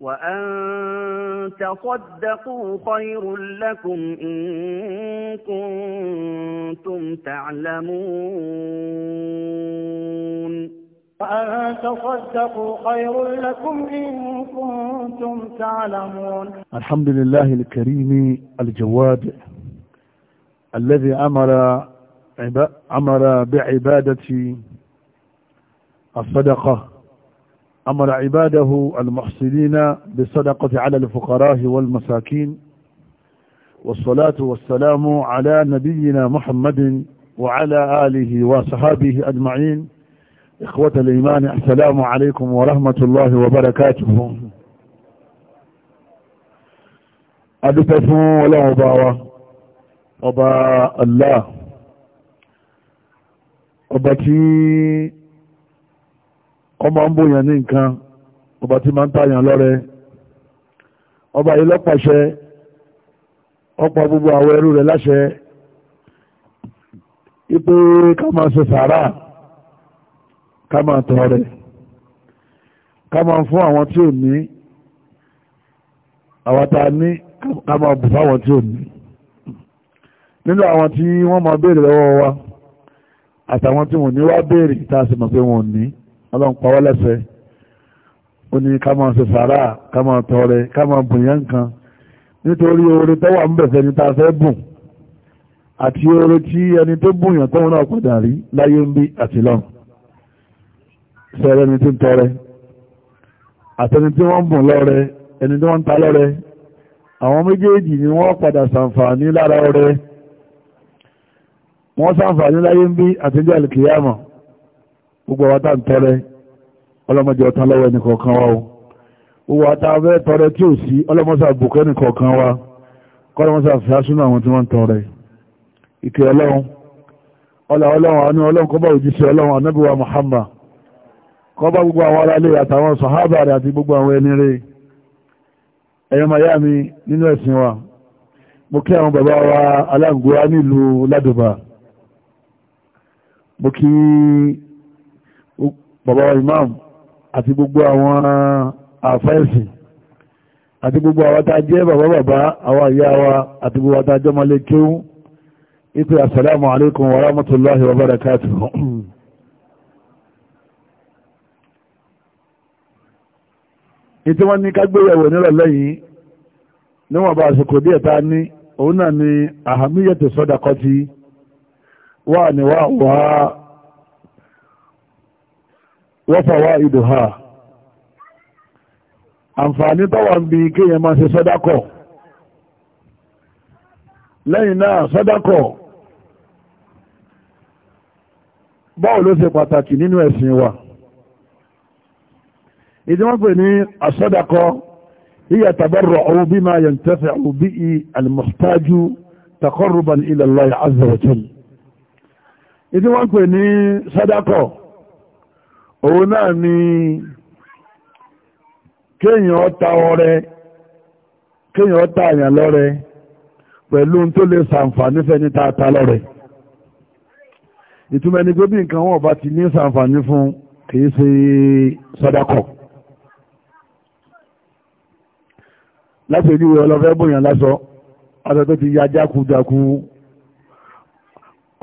وأن تصدقوا خير لكم إن كنتم تعلمون وأن تصدقوا خير لكم إن كنتم تعلمون الحمد لله الكريم الجواد الذي أمر أمر بعبادة الصدقة أمر عباده المحسنين بالصدقة على الفقراء والمساكين والصلاة والسلام على نبينا محمد وعلى آله وصحابه أجمعين إخوة الإيمان السلام عليكم ورحمة الله وبركاته أدفعوا ولا أباوة أبا الله أبتي ọmọ ń bóyàn ní nǹkan ọba tí máa ń tàyàn lọ́rẹ ọba yìí lọ́pàṣẹ ọ̀pọ̀ gbogbo àwọn ẹrú rẹ̀ láṣẹ ipe ká máa ṣe sàárà ká máa tọrẹ ká máa fún àwọn tí ò ní àwọn tá a ní ká máa bù fáwọn tí ò ní nínú àwọn tí wọ́n máa béèrè lọ́wọ́ wa àtàwọn tí wọ́n ní wá béèrè tá a sì mọ̀ pé wọ́n ní ọlọ́run pa wá láṣẹ ó ní ká máa ṣe sàárà ká máa tọrẹ ká máa bùn yẹn nǹkan nítorí oore tó wà ń bẹ̀fẹ̀ ní ta fẹ́ bùn àti oore tí ẹni tó bùn yàn tóun náà padà rí láyé ń bí àti lọ́run sẹ́rẹ́ ẹni tí ń tọrẹ àtẹni tí wọ́n bùn lọ́rẹ ẹni tí wọ́n ń ta lọ́rẹ àwọn méjèèjì ni wọ́n padà sàǹfààní lára ọrẹ wọ́n sàǹfààní láyé ń bí àtijọ́ àlùkìyàmọ̀ gbogbo àwọn tá ń tọrẹ ọlọ́mọdé ọ̀tán lọ́wọ́ ẹnì kọ̀ọ̀kan wa o gbogbo àwọn tá fẹ́ tọrẹ tí ò sí ọlọ́mọsà bùkẹ́ ẹnì kọ̀ọ̀kan wa kọ́lọ́mọsà fi asúnà àwọn tí wọ́n ń tọrẹ ìkẹ́ ọlọ́run ọlá ọlọ́run àánú ọlọ́run kọ́bá òjíṣẹ́ ọlọ́run anábíwá Muhammad kọ́bá gbogbo àwọn aráalé àtàwọn sàhábà rẹ̀ àti gbogbo àwọn ẹni rẹ̀ ẹ̀yọ́ miami nínú ẹ̀sìn wa mo kí àwọn bàbá wa aláǹgbóra nílùú ládùbà mo kí bàbá imam àti gbogbo àwọn àfẹ́ẹ̀sì àti gbogbo àwọn tá a jẹ́ bàbá bàbá àwọn àyá wa àti gbogbo àtà jọmọ lè kéwú ipò assalamu alaikum wa rahmatullahi wa barakatuh ìtí wọ́n ní kágbéyàwó nírọ̀lẹ́ yìí níwọ̀n bá àsìkò díẹ̀ ta ní òun náà ni àhàmíyẹ̀ tó sọ́dakọ́ ti wà ní wà wà wa fawaiduha àǹfààní tọ́wà ń bi kéèyàn máa ṣe sọ́dákọ̀ lẹ́yìn náà sọ́dákọ̀ báwo ló ṣe pàtàkì nínú ẹ̀sìn wa ìdí wọ́n pè ní àsọ́dákọ̀ hiya tabarru'u bima yantafi'u bihi al-muhtaju taqarruban ila Allah azza wa jalla ìdí wọ́n pè ní sọ́dákọ̀ òun náà ni kéèyàn ta ọrẹ kéèyàn ta àyàn lọ́rẹ pẹ̀lú tó lè sàǹfààní fẹ́ni tààtà lọ́rẹ ìtumọ̀ ẹni pé nǹkan wọn bá ti ní sàǹfààní fún kìí ṣe sọ́dákọ̀ láti ìlú ọlọ́fẹ́ bòyàn lásọ aṣọ tó ti ya jákujáku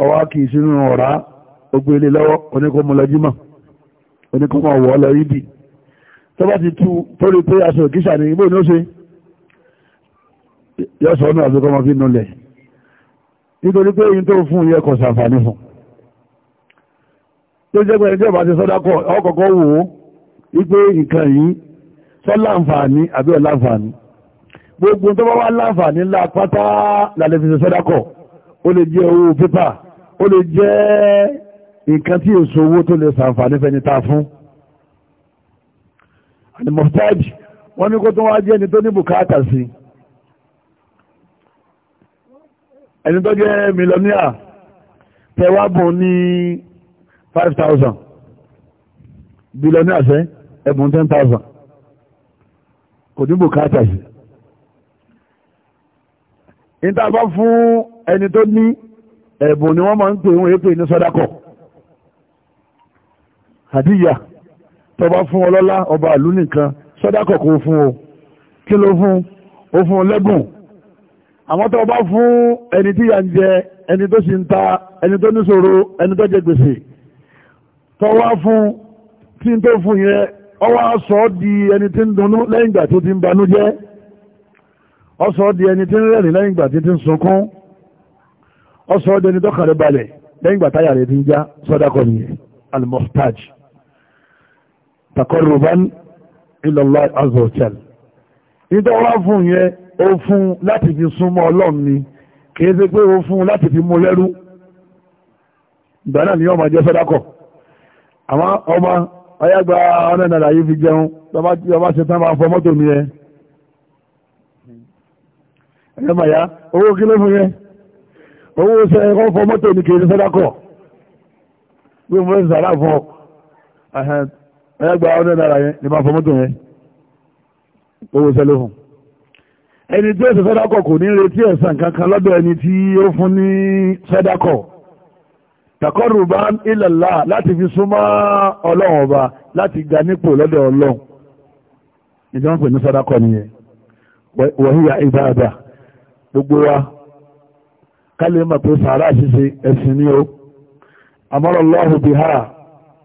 ọwá kìí sínú ọ̀rá lọ́wọ́ oníkó mọ́lọ́jímọ̀ oníkókó ọ̀wọ́ lọ yídì tó bá ti tú torí pé aṣọ òkísà ní ibò ní ó ṣe yọ sọ ọ́nà àbíkọ́ ọmọ fi nulẹ̀ nítorí pé yín tó fún yẹ kò sàǹfààní fún tó jẹ́ pé ẹjọ́ bá ti sọ́dákọ̀ ọkọ̀ọ̀kọ̀ wò ó wípé nǹkan yìí sọ láǹfààní àbí ọ̀láǹfààní gbogbo tó bá wá láǹfààní ńlá pátá lálẹ́ fi ṣe sọ́dákọ̀ ó lè jẹ́ owó pépà ó lè jẹ́ nǹkan tí èso owó tó lè sàǹfààní fẹ́ni ta fún alimọ̀tájì wọ́n ní kó tó wá jẹ́ ẹni tó ní bùkátà sí ẹni tó jẹ́ mílíọ̀nìyà tẹwàbùn ní 5,000 bílíọ̀nìyà sẹ́ ẹ̀bùn 10,000 kò ní bùkátà sí ìta bá fún ẹni tó ní ẹ̀bùn ni wọ́n máa ń pè wọ́n èpè ní sọ́dákọ̀ọ́ àdíyà tọba fún ọlọ́lá ọba ìlú nìkan sọ́dákọ̀ kò fún o kí ló fún o fún lẹ́bùn àmọ́ tọba fún ẹni tí yà ń jẹ ẹni tó sì ń ta ẹni tó níṣòro ẹni tó jẹ gbèsè tọwa fún tí n tó fún yẹn ọwọ́ sọ di ẹni tí ń dunnú lẹ́yìn ìgbà tó ti ń banú jẹ́ ó sọ di ẹni tí ń rẹ̀rìn lẹ́yìn ìgbà tí ti ń sunkún ó sọ di ẹni tó kàrẹ́ balẹ̀ lẹ́yìn ìgbà táyà rẹ̀ ti ń já sọ́dákọ̀ nìyẹn al takarruban ila Allah azza wa jal nítorí wá fún yẹn ó fún láti fi súnmọ́ ọlọ́run ni kìí ṣe pé ó fún láti fi mú lẹ́rú ìgbà náà ni ọmọ jẹ́ sọ́dákọ̀ àmọ́ ọmọ ayágba ọ̀nà nàdà yìí fi jẹun lọ́ba ṣe tán máa fọ mọ́tò mi yẹn ẹ̀yẹ́ màyá owó kí ló fún yẹn owó ṣe ẹ̀kọ́ fọ mọ́tò ni kìí ṣe sọ́dákọ̀ gbé mọ́ sàrà fún ọ ẹgbà ọdún náírà yẹn ni máa fọ mọ́tò yẹn owó sẹ́lẹ̀ fún ẹni tí ó ṣe sọ́dákọ̀ kò ní retí ẹ̀san kankan lọ́dọ̀ ẹni tí ó fún ní sọ́dákọ̀ takọ́rùbá ìlàlá láti fi súnmọ́ ọlọ́run ọba láti ga nípò lọ́dọ̀ ọlọ́run ìjọba pè ní sọ́dákọ̀ nìyẹn wọ̀híyà ìbáadà gbogbo wa kálí mọ̀ pé sàárà ṣíṣe ẹ̀sìn ni ó amọ́rọ̀ bíi háà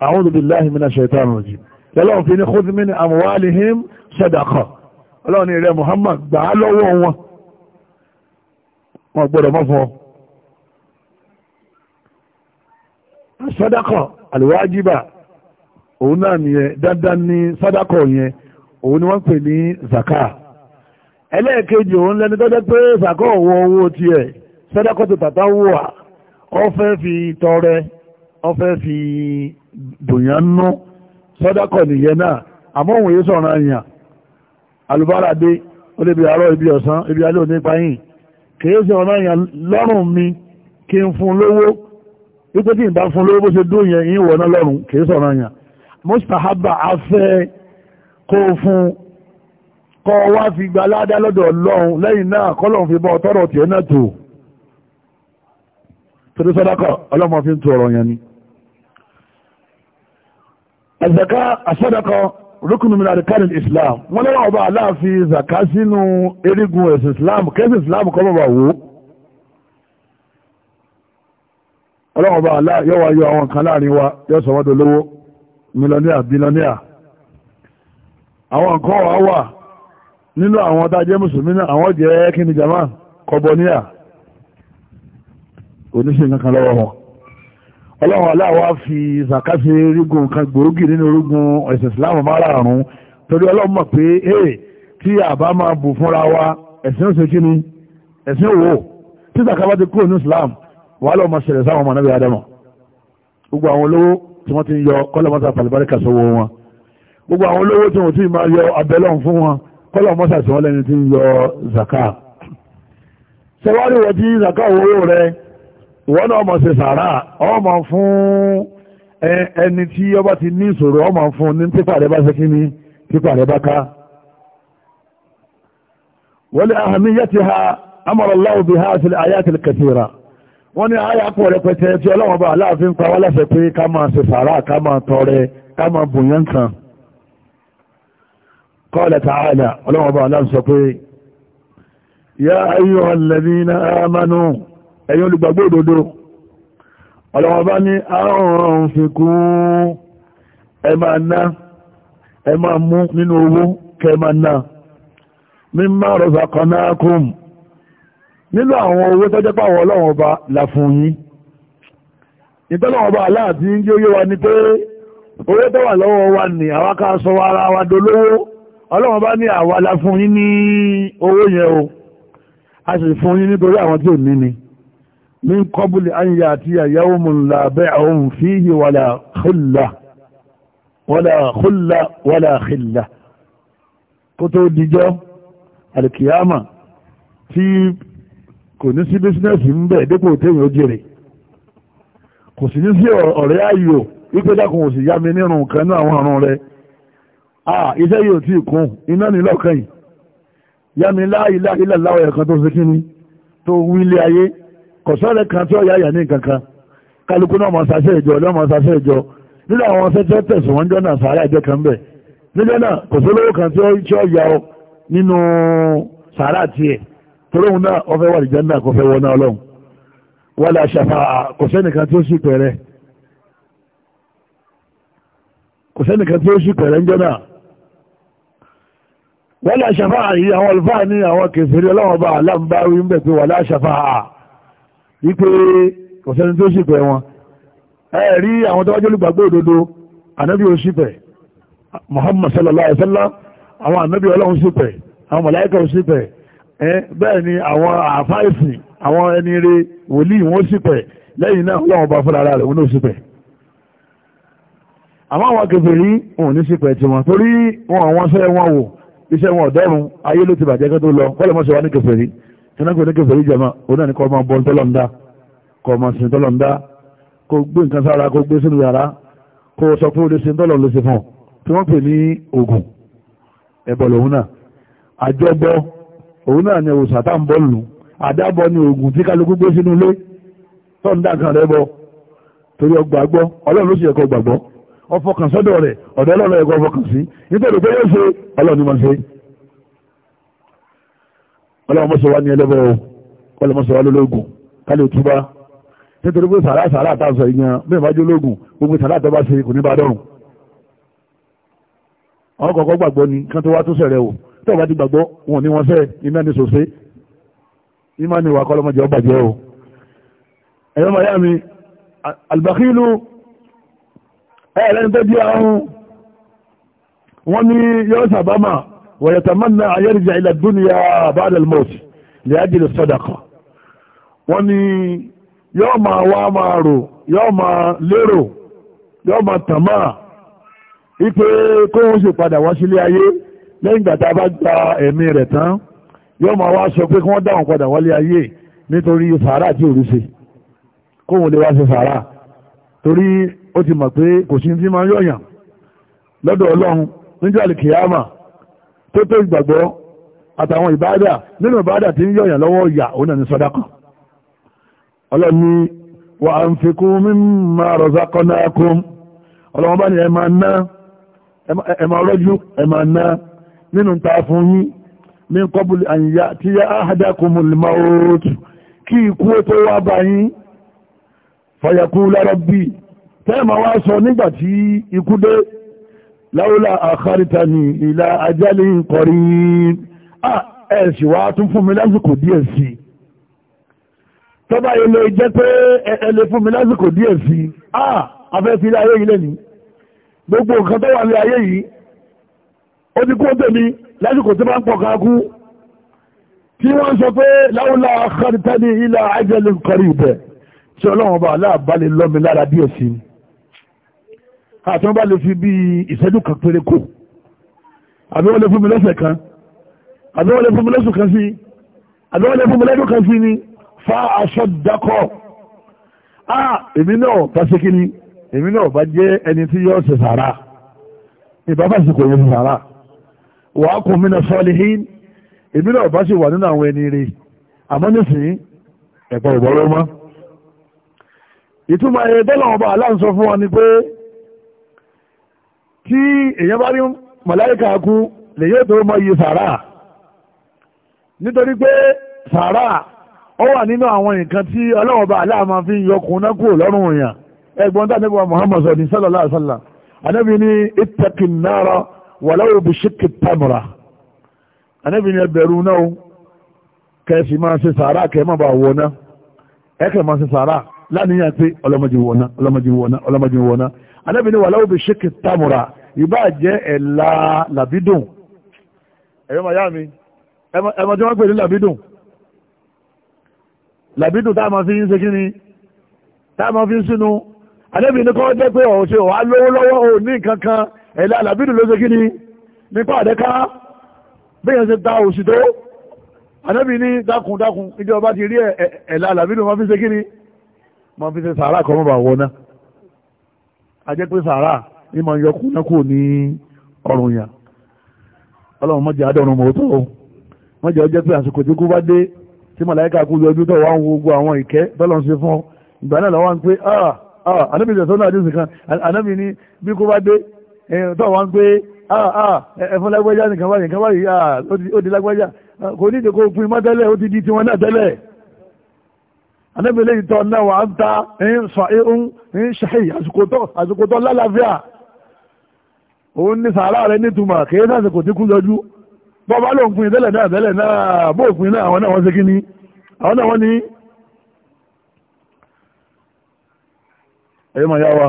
a'udhu billahi minash shaitani rajim lọ́lọ́run fi ní khudh min amwalihim sadaqa ọlọ́run ìrẹ́ Muhammad gbà á lọ́wọ́ wọn wọn gbọ́dọ̀ mọ́ fún ọ sadaqa alwajiba òun náà nìyẹn dandan ní sadaqa yẹn òun ni wọ́n pè ní zaka ẹlẹ́ẹ̀kejì òun lẹ́ni tó jẹ́ pé zaka ọ̀wọ́ owó tiẹ̀ sadaqa tó tàtà wà ọ fẹ́ fi tọrẹ wọ́n fẹ́ fi dùnyàn nú sọ́dákọ̀ nìyẹn náà àmọ́ òun yé sọ̀rọ̀ àyàn alùbárà dé ó lè bi àárọ̀ ibi ọ̀sán ibi alẹ́ òní payín kìí ṣe ọ̀nà àyàn lọ́rùn mi kí n fún lówó wípé tí n bá fún lówó bó ṣe dún yẹn yín wọ̀ná lọ́rùn kìí sọ̀rọ̀ àyàn mustahaba afẹ́ kó fún kọ́ wá fi gba aládá lọ́dọ̀ ọlọ́run lẹ́yìn náà kọ́lọ́run fi bọ́ ọtọ́rọ̀ tiẹ̀ náà tó torí sọ́dákọ̀ ọlọ́mọ fi ń tu ọ̀rọ̀ yẹn ni àzàká àsọ́dọ̀kọ rúkùnù mìíràn àríkàrí islam wọ́n lọ́wọ́ ọba aláàfin zaka sínú erigun ẹ̀sìn islam kẹ́sì islam kọ́ bàbà wò ọlọ́wọ́ ọba aláà yọ wá yọ àwọn kan láàrin wa yọ sọ wọ́n dolówó mílọ́níà bílọ́níà àwọn nǹkan wà wà nínú àwọn tá a jẹ́ mùsùlùmí náà àwọn jẹ́ kí ni jama kọ́bọ́níà oníṣẹ́ nǹkan lọ́wọ́ wọn ọlọ́run aláwa fi zakasi rígun kan gbòógì nínú orígun ẹ̀sìn islam márààrún torí ọlọ́run mọ̀ pé ee tí àbá máa bù fúnra wa ẹ̀sìn òsè kí ni ẹ̀sìn òwò tí zakaba ti kúrò ní islam wàhálà ọmọ ṣẹlẹ̀ sáwọn ọmọ anábì adama gbogbo àwọn olówó tí wọ́n ti ń yọ kọ́lọ́mọ́sá pàlìbáríkà sọ́wọ́ wọn gbogbo àwọn olówó tí wọ́n ti máa yọ abẹ́lọ́n fún wọn kọ́lọ́mọ́sá tí wọ́n lẹ́ni ti ń yọ zaka ṣẹwárí wọ́n ti zaka owó rẹ̀ ìwọ́n náà mọ̀ ọmọ fún ẹni tí ọba ti ọmọ fún ní pípa rẹ bá ṣe ni pípa rẹ bá ká wọ́n ha amọ̀rọ̀láwò bí ha àti ayatul ra. wọ́n ní àyà pọ̀ rẹpẹtẹ tí ọlọ́wọ́n bá aláàfin pa wá láṣẹ pé ká máa ká máa tọrẹ ká máa kan qala ta'ala ọlọ́wọ́n bá aláàfin ya ayyuhal ladhina amanu ẹ̀yin olùgbàgbọ́ òdodo ọlọ́wọ́ bá ní àrùn fikún ẹ máa ná ẹ máa mú nínú owó kẹ máa ná mímá razaqnakum nínú àwọn owó tọ́jẹ́ pàwọ́ ọlọ́wọ́ bá là fún yín ìtọ́lọ́wọ́ aláàtí ń yóò wa ni pé owó tó wà lọ́wọ́ wa ní àwa ara wa dolówó ọlọ́wọ́ ní àwa la fún yín ní owó yẹn o a sì fún yín nítorí àwọn tí ò ní ni. من قبل أن يأتي يوم لا بيع فيه ولا خلة ولا خلة ولا خلة kótó dijọ́ alìkìyàmà tí kò ní sí bísínẹ́sì ń bẹ̀ dípò téèyàn ó jèrè kò sì ní sí ọ̀rẹ́ ayò wípé dákun kò sì yá mi nírun kan ní àwọn àrùn rẹ̀ ah iṣẹ́ yóò tí kún iná nílọ́kàn yìí yá mi la ilaha illallah ẹ̀kan tó ṣe kí ni tó wílé ayé kọ̀sọ́rẹ́ kan tí ó yá yà ní kankan kálukú náà mọ̀ sàṣẹ́ ìjọ lọ́mọ sàṣẹ́ ìjọ nínú àwọn ọ̀sẹ̀ tí ó tẹ̀sùn wọn jọ náà sàárà ìjọ kan bẹ̀ níjọ́ náà kọ̀sọ́lówó kan tí ó yá ọ nínú sàárà tiẹ̀ toróhun náà ọfẹ́ wà lìjẹ́ náà kò fẹ́ wọ náà ọlọ́run wà lè àṣàfà kọ̀sẹ́nìkan tí ó sì pẹ̀rẹ́ wípé ọ̀sẹ̀ni tó ṣìpẹ̀ wọn ẹ rí àwọn tó wájú olùgbàgbé òdodo ànábì ò ṣìpẹ̀ Muhammad sallallahu alaihi wasallam àwọn ànábì ọlọ́run ṣìpẹ̀ àwọn màláíkà ò ṣìpẹ̀ ẹ bẹ́ẹ̀ ni àwọn àfáìsì àwọn ẹni rẹ wòlíì wọn ṣìpẹ̀ lẹ́yìn náà ọlọ́run bá fúnra rẹ̀ wọn ò ṣìpẹ̀ àmọ́ àwọn kèfèrí wọn ò ní ṣìpẹ̀ tiwọn torí wọn àwọn iṣẹ́ wọn wò iṣẹ́ wọn ọ̀dọ́run ayé ló ti bàjẹ́ kẹ́ tó lọ kọ́lẹ̀ mọ́ṣẹ́ wa ní kèfèrí tẹ́lágbé ní kẹfẹ́ yìí jama ó náà ní kọ́ ọmọ bọ́ tọ́lọ́ndá kọ́ ọmọ sin tọ́lọ́ndá kó gbé nǹkan sára kó gbé sínú yàrá kó sọ pé ó lè sin tọ́lọ̀ ló fún tí wọ́n pè ní oògùn ẹbọ lòun náà àjọbọ òun náà ni òòsà tá ń bọ́ lù àdábọ ni oògùn tí kálukú gbé sínú ilé tọ́ndá kan rẹ bọ torí ọgbàgbọ́ ọlọ́run ló sì yẹ kó gbàgbọ́ ọfọkàn rẹ̀ ọ̀dọ̀ ọlọ́run yẹ kó ọfọkàn nítorí pé yóò ṣe ọlọ́run ni mo ṣe ọlọ́wọ́ mọ́sọ̀ wá ní ẹlẹ́bọ̀ o kọ́lẹ̀ mọ́sọ̀ wá lólógún kálẹ̀ òtúbá nítorí pé sàrá sàrá àtàzọ ìyàn bẹ́ẹ̀ bá jólógún gbogbo sàrá àtàbá ṣe kò ní bá dọ̀rùn àwọn kọ̀ọ̀kọ́ gbàgbọ́ ni kán tó wá tó sẹ̀rẹ̀ o tó bá ti gbàgbọ́ wọn ni wọ́n sẹ́ iná ni sòsé iná ni wà kọ́lọ́mọjẹ́ ọ bàjẹ́ o ẹ̀yọ́ màá yá mi àlùbákílù ẹ̀ẹ́dẹ́ni tó di àrùn wọ́n ní yọ́ sàbámà ويتمنى أن يرجع إلى الدنيا بعد الموت لأجل الصدقة wọ́n ní وامارو máa wá máa rò yóò máa lérò yóò máa tàmà ipe kóhun sì padà wá sílé ayé lẹ́yìn ìgbà tá a bá gba ẹ̀mí rẹ̀ tán yóò máa wá sọ pé kí wọ́n dáhùn padà wálé ayé nítorí sàárà tí òru ṣe kóhun lè wá ṣe sàárà torí ó ti mọ̀ pé kò sí ní ti máa yọ̀yàn lọ́dọ̀ ọlọ́run níjọ́ àlìkìyàmà tó tó ìgbàgbọ́ àtàwọn ìbáadà nínú ìbáadà tí ń yọ̀yàn lọ́wọ́ ìyà òun náà ní sàdákà wa anfiqu mimma razaqnakum ọlọ́wọ́n bá ní ẹ ná ẹ rọ́jú ẹ ná nínú ta fún an kí ikú tó wá sọ nígbà tí láúlà àkárítà ní ìlà ajálì kọrí ẹ̀ṣì wá tún fún mi lásìkò díẹ̀ sí tọ́bá ilé jẹ́ pé ẹlẹ́ fún mi lásìkò díẹ̀ sí ah afẹ́ fi ilé ayé yìí lẹ́ni gbogbo nǹkan tó wà ní ayé yìí ó ti kó tèmi lásìkò tí máa ń pọ̀ káàkú tí wọ́n sọ pé láúlà àkárítà ní ìlà ajálì kọrí ibẹ̀ tí ọlọ́run bá aláàbálẹ̀ lọ́mi lára díẹ̀ sí ni àti wọ́n bá lè fi bí ìṣẹ́jú kan péré kò àbí wọ́n lè fún mi lọ́sẹ̀ kan àbí wọ́n lè fún mi lọ́sùn kan sí àbí wọ́n lè fún mi lọ́dún kan sí ni fa aṣọ dakọ̀ a èmi náà bá ṣe kí ni èmi náà bá jẹ́ ẹni tí yóò ṣe sàrà ìbáfà sì kò yẹ ṣe sàrà wà á kún mi náà salihin èmi náà bá sì wà nínú àwọn ẹni rè àmọ́ nísìnyí ẹ̀kọ́ ìbọ̀rọ̀ mọ́ ìtumọ̀ ẹ̀ bọ́lá ọba aláǹsọ fún wa ni pé tí èèyàn bá rí màláìka kú lè yóò tó mọ iye sàrà nítorí pé sàrà ó wà nínú àwọn nǹkan tí ọlọ́wọ́n bá aláà máa fi yọkùn náà kúrò lọ́rùn èèyàn ẹgbọ́n tá nípa Muhammad sọ̀dí sallallahu alaihi wasallam anábì ní ittaqin nara walau bishiqqi tamra anábì ní ẹbẹ̀rù náà kẹsì máa ṣe sàrà kẹ má bàa wọ̀ náà ẹkẹ máa ṣe sàrà láníyàn pé ọlọ́mọdé wọ̀ náà ọlọ́mọdé wọ̀ náà ọlọ́mọdé wọ̀ náà anábì ní wàláwò bí ṣékè tamura ìbá jẹ́ ẹ̀la làbídùn ẹ̀yọ́ màá yá mi ẹ̀mọ tí wọ́n pè ní làbídùn làbídùn tá a máa fi ń ṣe kí ni tá a máa fi ń sínú anábì ní kọ́ jẹ́ pé ọ̀hún ṣe wàá lówó lọ́wọ́ ò ní nǹkan kan ẹ̀la làbídùn ló ṣe kí ni nípa àdẹ́ká bẹ́ẹ̀ ṣe ta òsì tó anábì ní dákun dákun ìjọba ti rí ẹ̀la làbídùn máa fi ṣe kí ni fi ṣe sàárà kọ́ mọ́ bà wọ́n náà ajẹ́ pé sàárà ní ma yọ kú náà kò ní ọrùn yàn ọlọ́run mọ́jẹ́ adọ́run mọ́ tó mọ́jẹ́ ọjẹ́ pé àsìkò tí kú bá dé tí màláíkà kú yọjú tó wá ń wo gbogbo àwọn ìkẹ́ tọ́lọ́run ṣe fún ìgbà náà lọ́wọ́ ń pé ah ah anábì ìṣẹ̀sọ́ náà àdéhùn kan anábì ní bí kú bá dé tọ́ wá ń pé ah ah ẹ̀fọn lágbájá nìkan báyìí nìkan báyìí ah ó di lágbájá ah, kò ní ìdè kó pin mọ́ tẹ́lẹ̀ ó ti di tiwọn náà tẹ́lẹ̀ anábìlẹ̀ ìtọ́ náà wà ń ta ń sọ irun ń ṣe àsìkò tó lálàáfíà òun ní sàárà rẹ nítumọ̀ kìí sàsìkò tí kú lọ́jú bọ́bá ló ń pin tẹ́lẹ̀ náà tẹ́lẹ̀ náà bó òpin náà àwọn náà wọ́n ṣe kí ni àwọn náà wọ́n ní ẹ̀yọ́ máa yá wa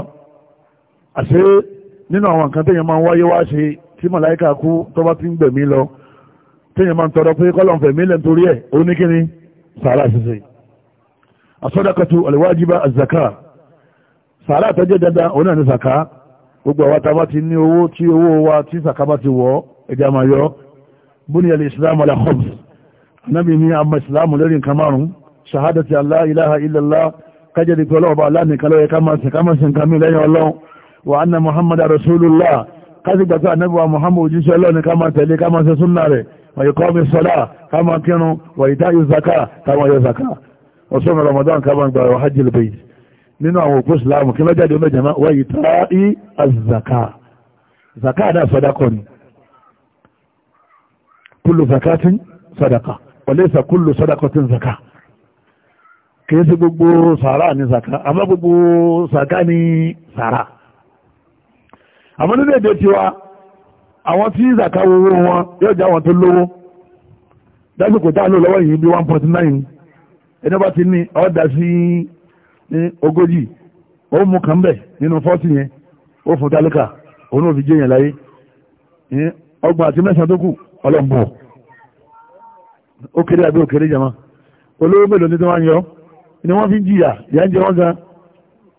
àṣé nínú àwọn nǹkan téèyàn máa ń wáyé wá ṣe tí màláìka kú tó bá ti ń gbẹ̀mí lọ téèyàn máa ń tọrọ pé kọ́lọ̀ asọ́dákàtú alwajiba azaka sàárà tọ́jẹ́ dandan òun náà ní sàká gbogbo àwọn tá a bá ti ní owó tí owó wa tí sàká bá ti wọ̀ ẹja máa yọ bóni ẹ̀lẹ́ islam ala khams anábì ní àmà islam lórí nǹkan márùn-ún shahadati allah ilaha illallah kájẹ́ di pé ọlọ́ọ̀bá aláàníkan lọ́yẹ ká máa sìn ká máa sìn kan mí lẹ́yìn ọlọ́run wa anna muhammad rasulullah kájí gbàtọ́ anábì wa muhammad òjíṣẹ́ ọlọ́run ká máa tẹ̀lé ká máa ṣe súnà rẹ̀ wa yuqami salah ká máa kírun wa ìdáyò zaka ká máa yọ zaka ọ̀sọ́mọ̀ ramadan kábàǹgbà wa hajj al-bayt nínú àwọn òpó islam kí lọ́jáde ọmọ jama wa ita'i az-zaka zaka dá sadaka ni kullu zakatin sadaka wa laysa kullu sadaqatin zaka kìí sí gbogbo sàárà ní zaka àmọ́ gbogbo zaka ní sàárà àmọ́ nínú èdè tiwa àwọn tí zaka wọ́wọ́ wọn yóò jẹ́ àwọn tó lówó dájú kò tá lọ́wọ́ yìí bí one point nine ẹni bá ti ní ọ̀dà sí ní ogójì ó mú kan bẹ̀ nínú fọ́tì yẹn ó fún tálíkà òun ò fi jẹ́ yẹn láyé ọgbọ̀n àti mẹ́sàn-án tó kù ọlọ́mbọ̀ ó kéré àbí ó kéré olówó mélòó ní tí wọ́n yọ ni wọ́n fi ń jìyà ìyá ń jẹ wọ́n gan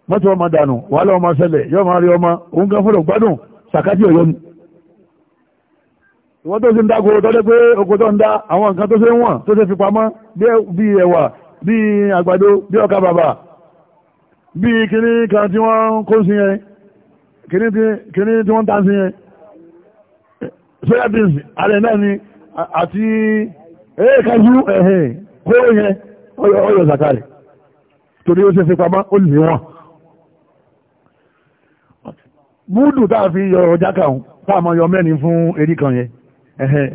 mọ́tò ọmọ dànù wàhálà ọmọ ṣẹlẹ̀ yọ máa rí ọmọ òun gan fọ́dọ̀ gbádùn sàkátì ọ̀yọ́ ni ìwọ́n tó ṣe ń dá gbogbo tọ́lẹ́ pé oko tó ń dá àwọn nǹkan tó ṣe ń wọ̀n tó ṣe fi pamọ́ bí ẹwà bí àgbàdo bí ọkà bàbà bí kìíní kan tí wọ́n kó sí yẹn kìíní tí wọ́n tán sí yẹn soya beans alẹ́ náà ni àti ẹ̀ẹ́ eh, kájú ẹ̀hìn kóró yẹn ọyọ̀ zakari torí ó ṣe fi pamọ́ ó lè wọ́n múdù tá a fi yọ ọjà kàún tá a mọ yọ mẹ́rin fún erí kan yẹn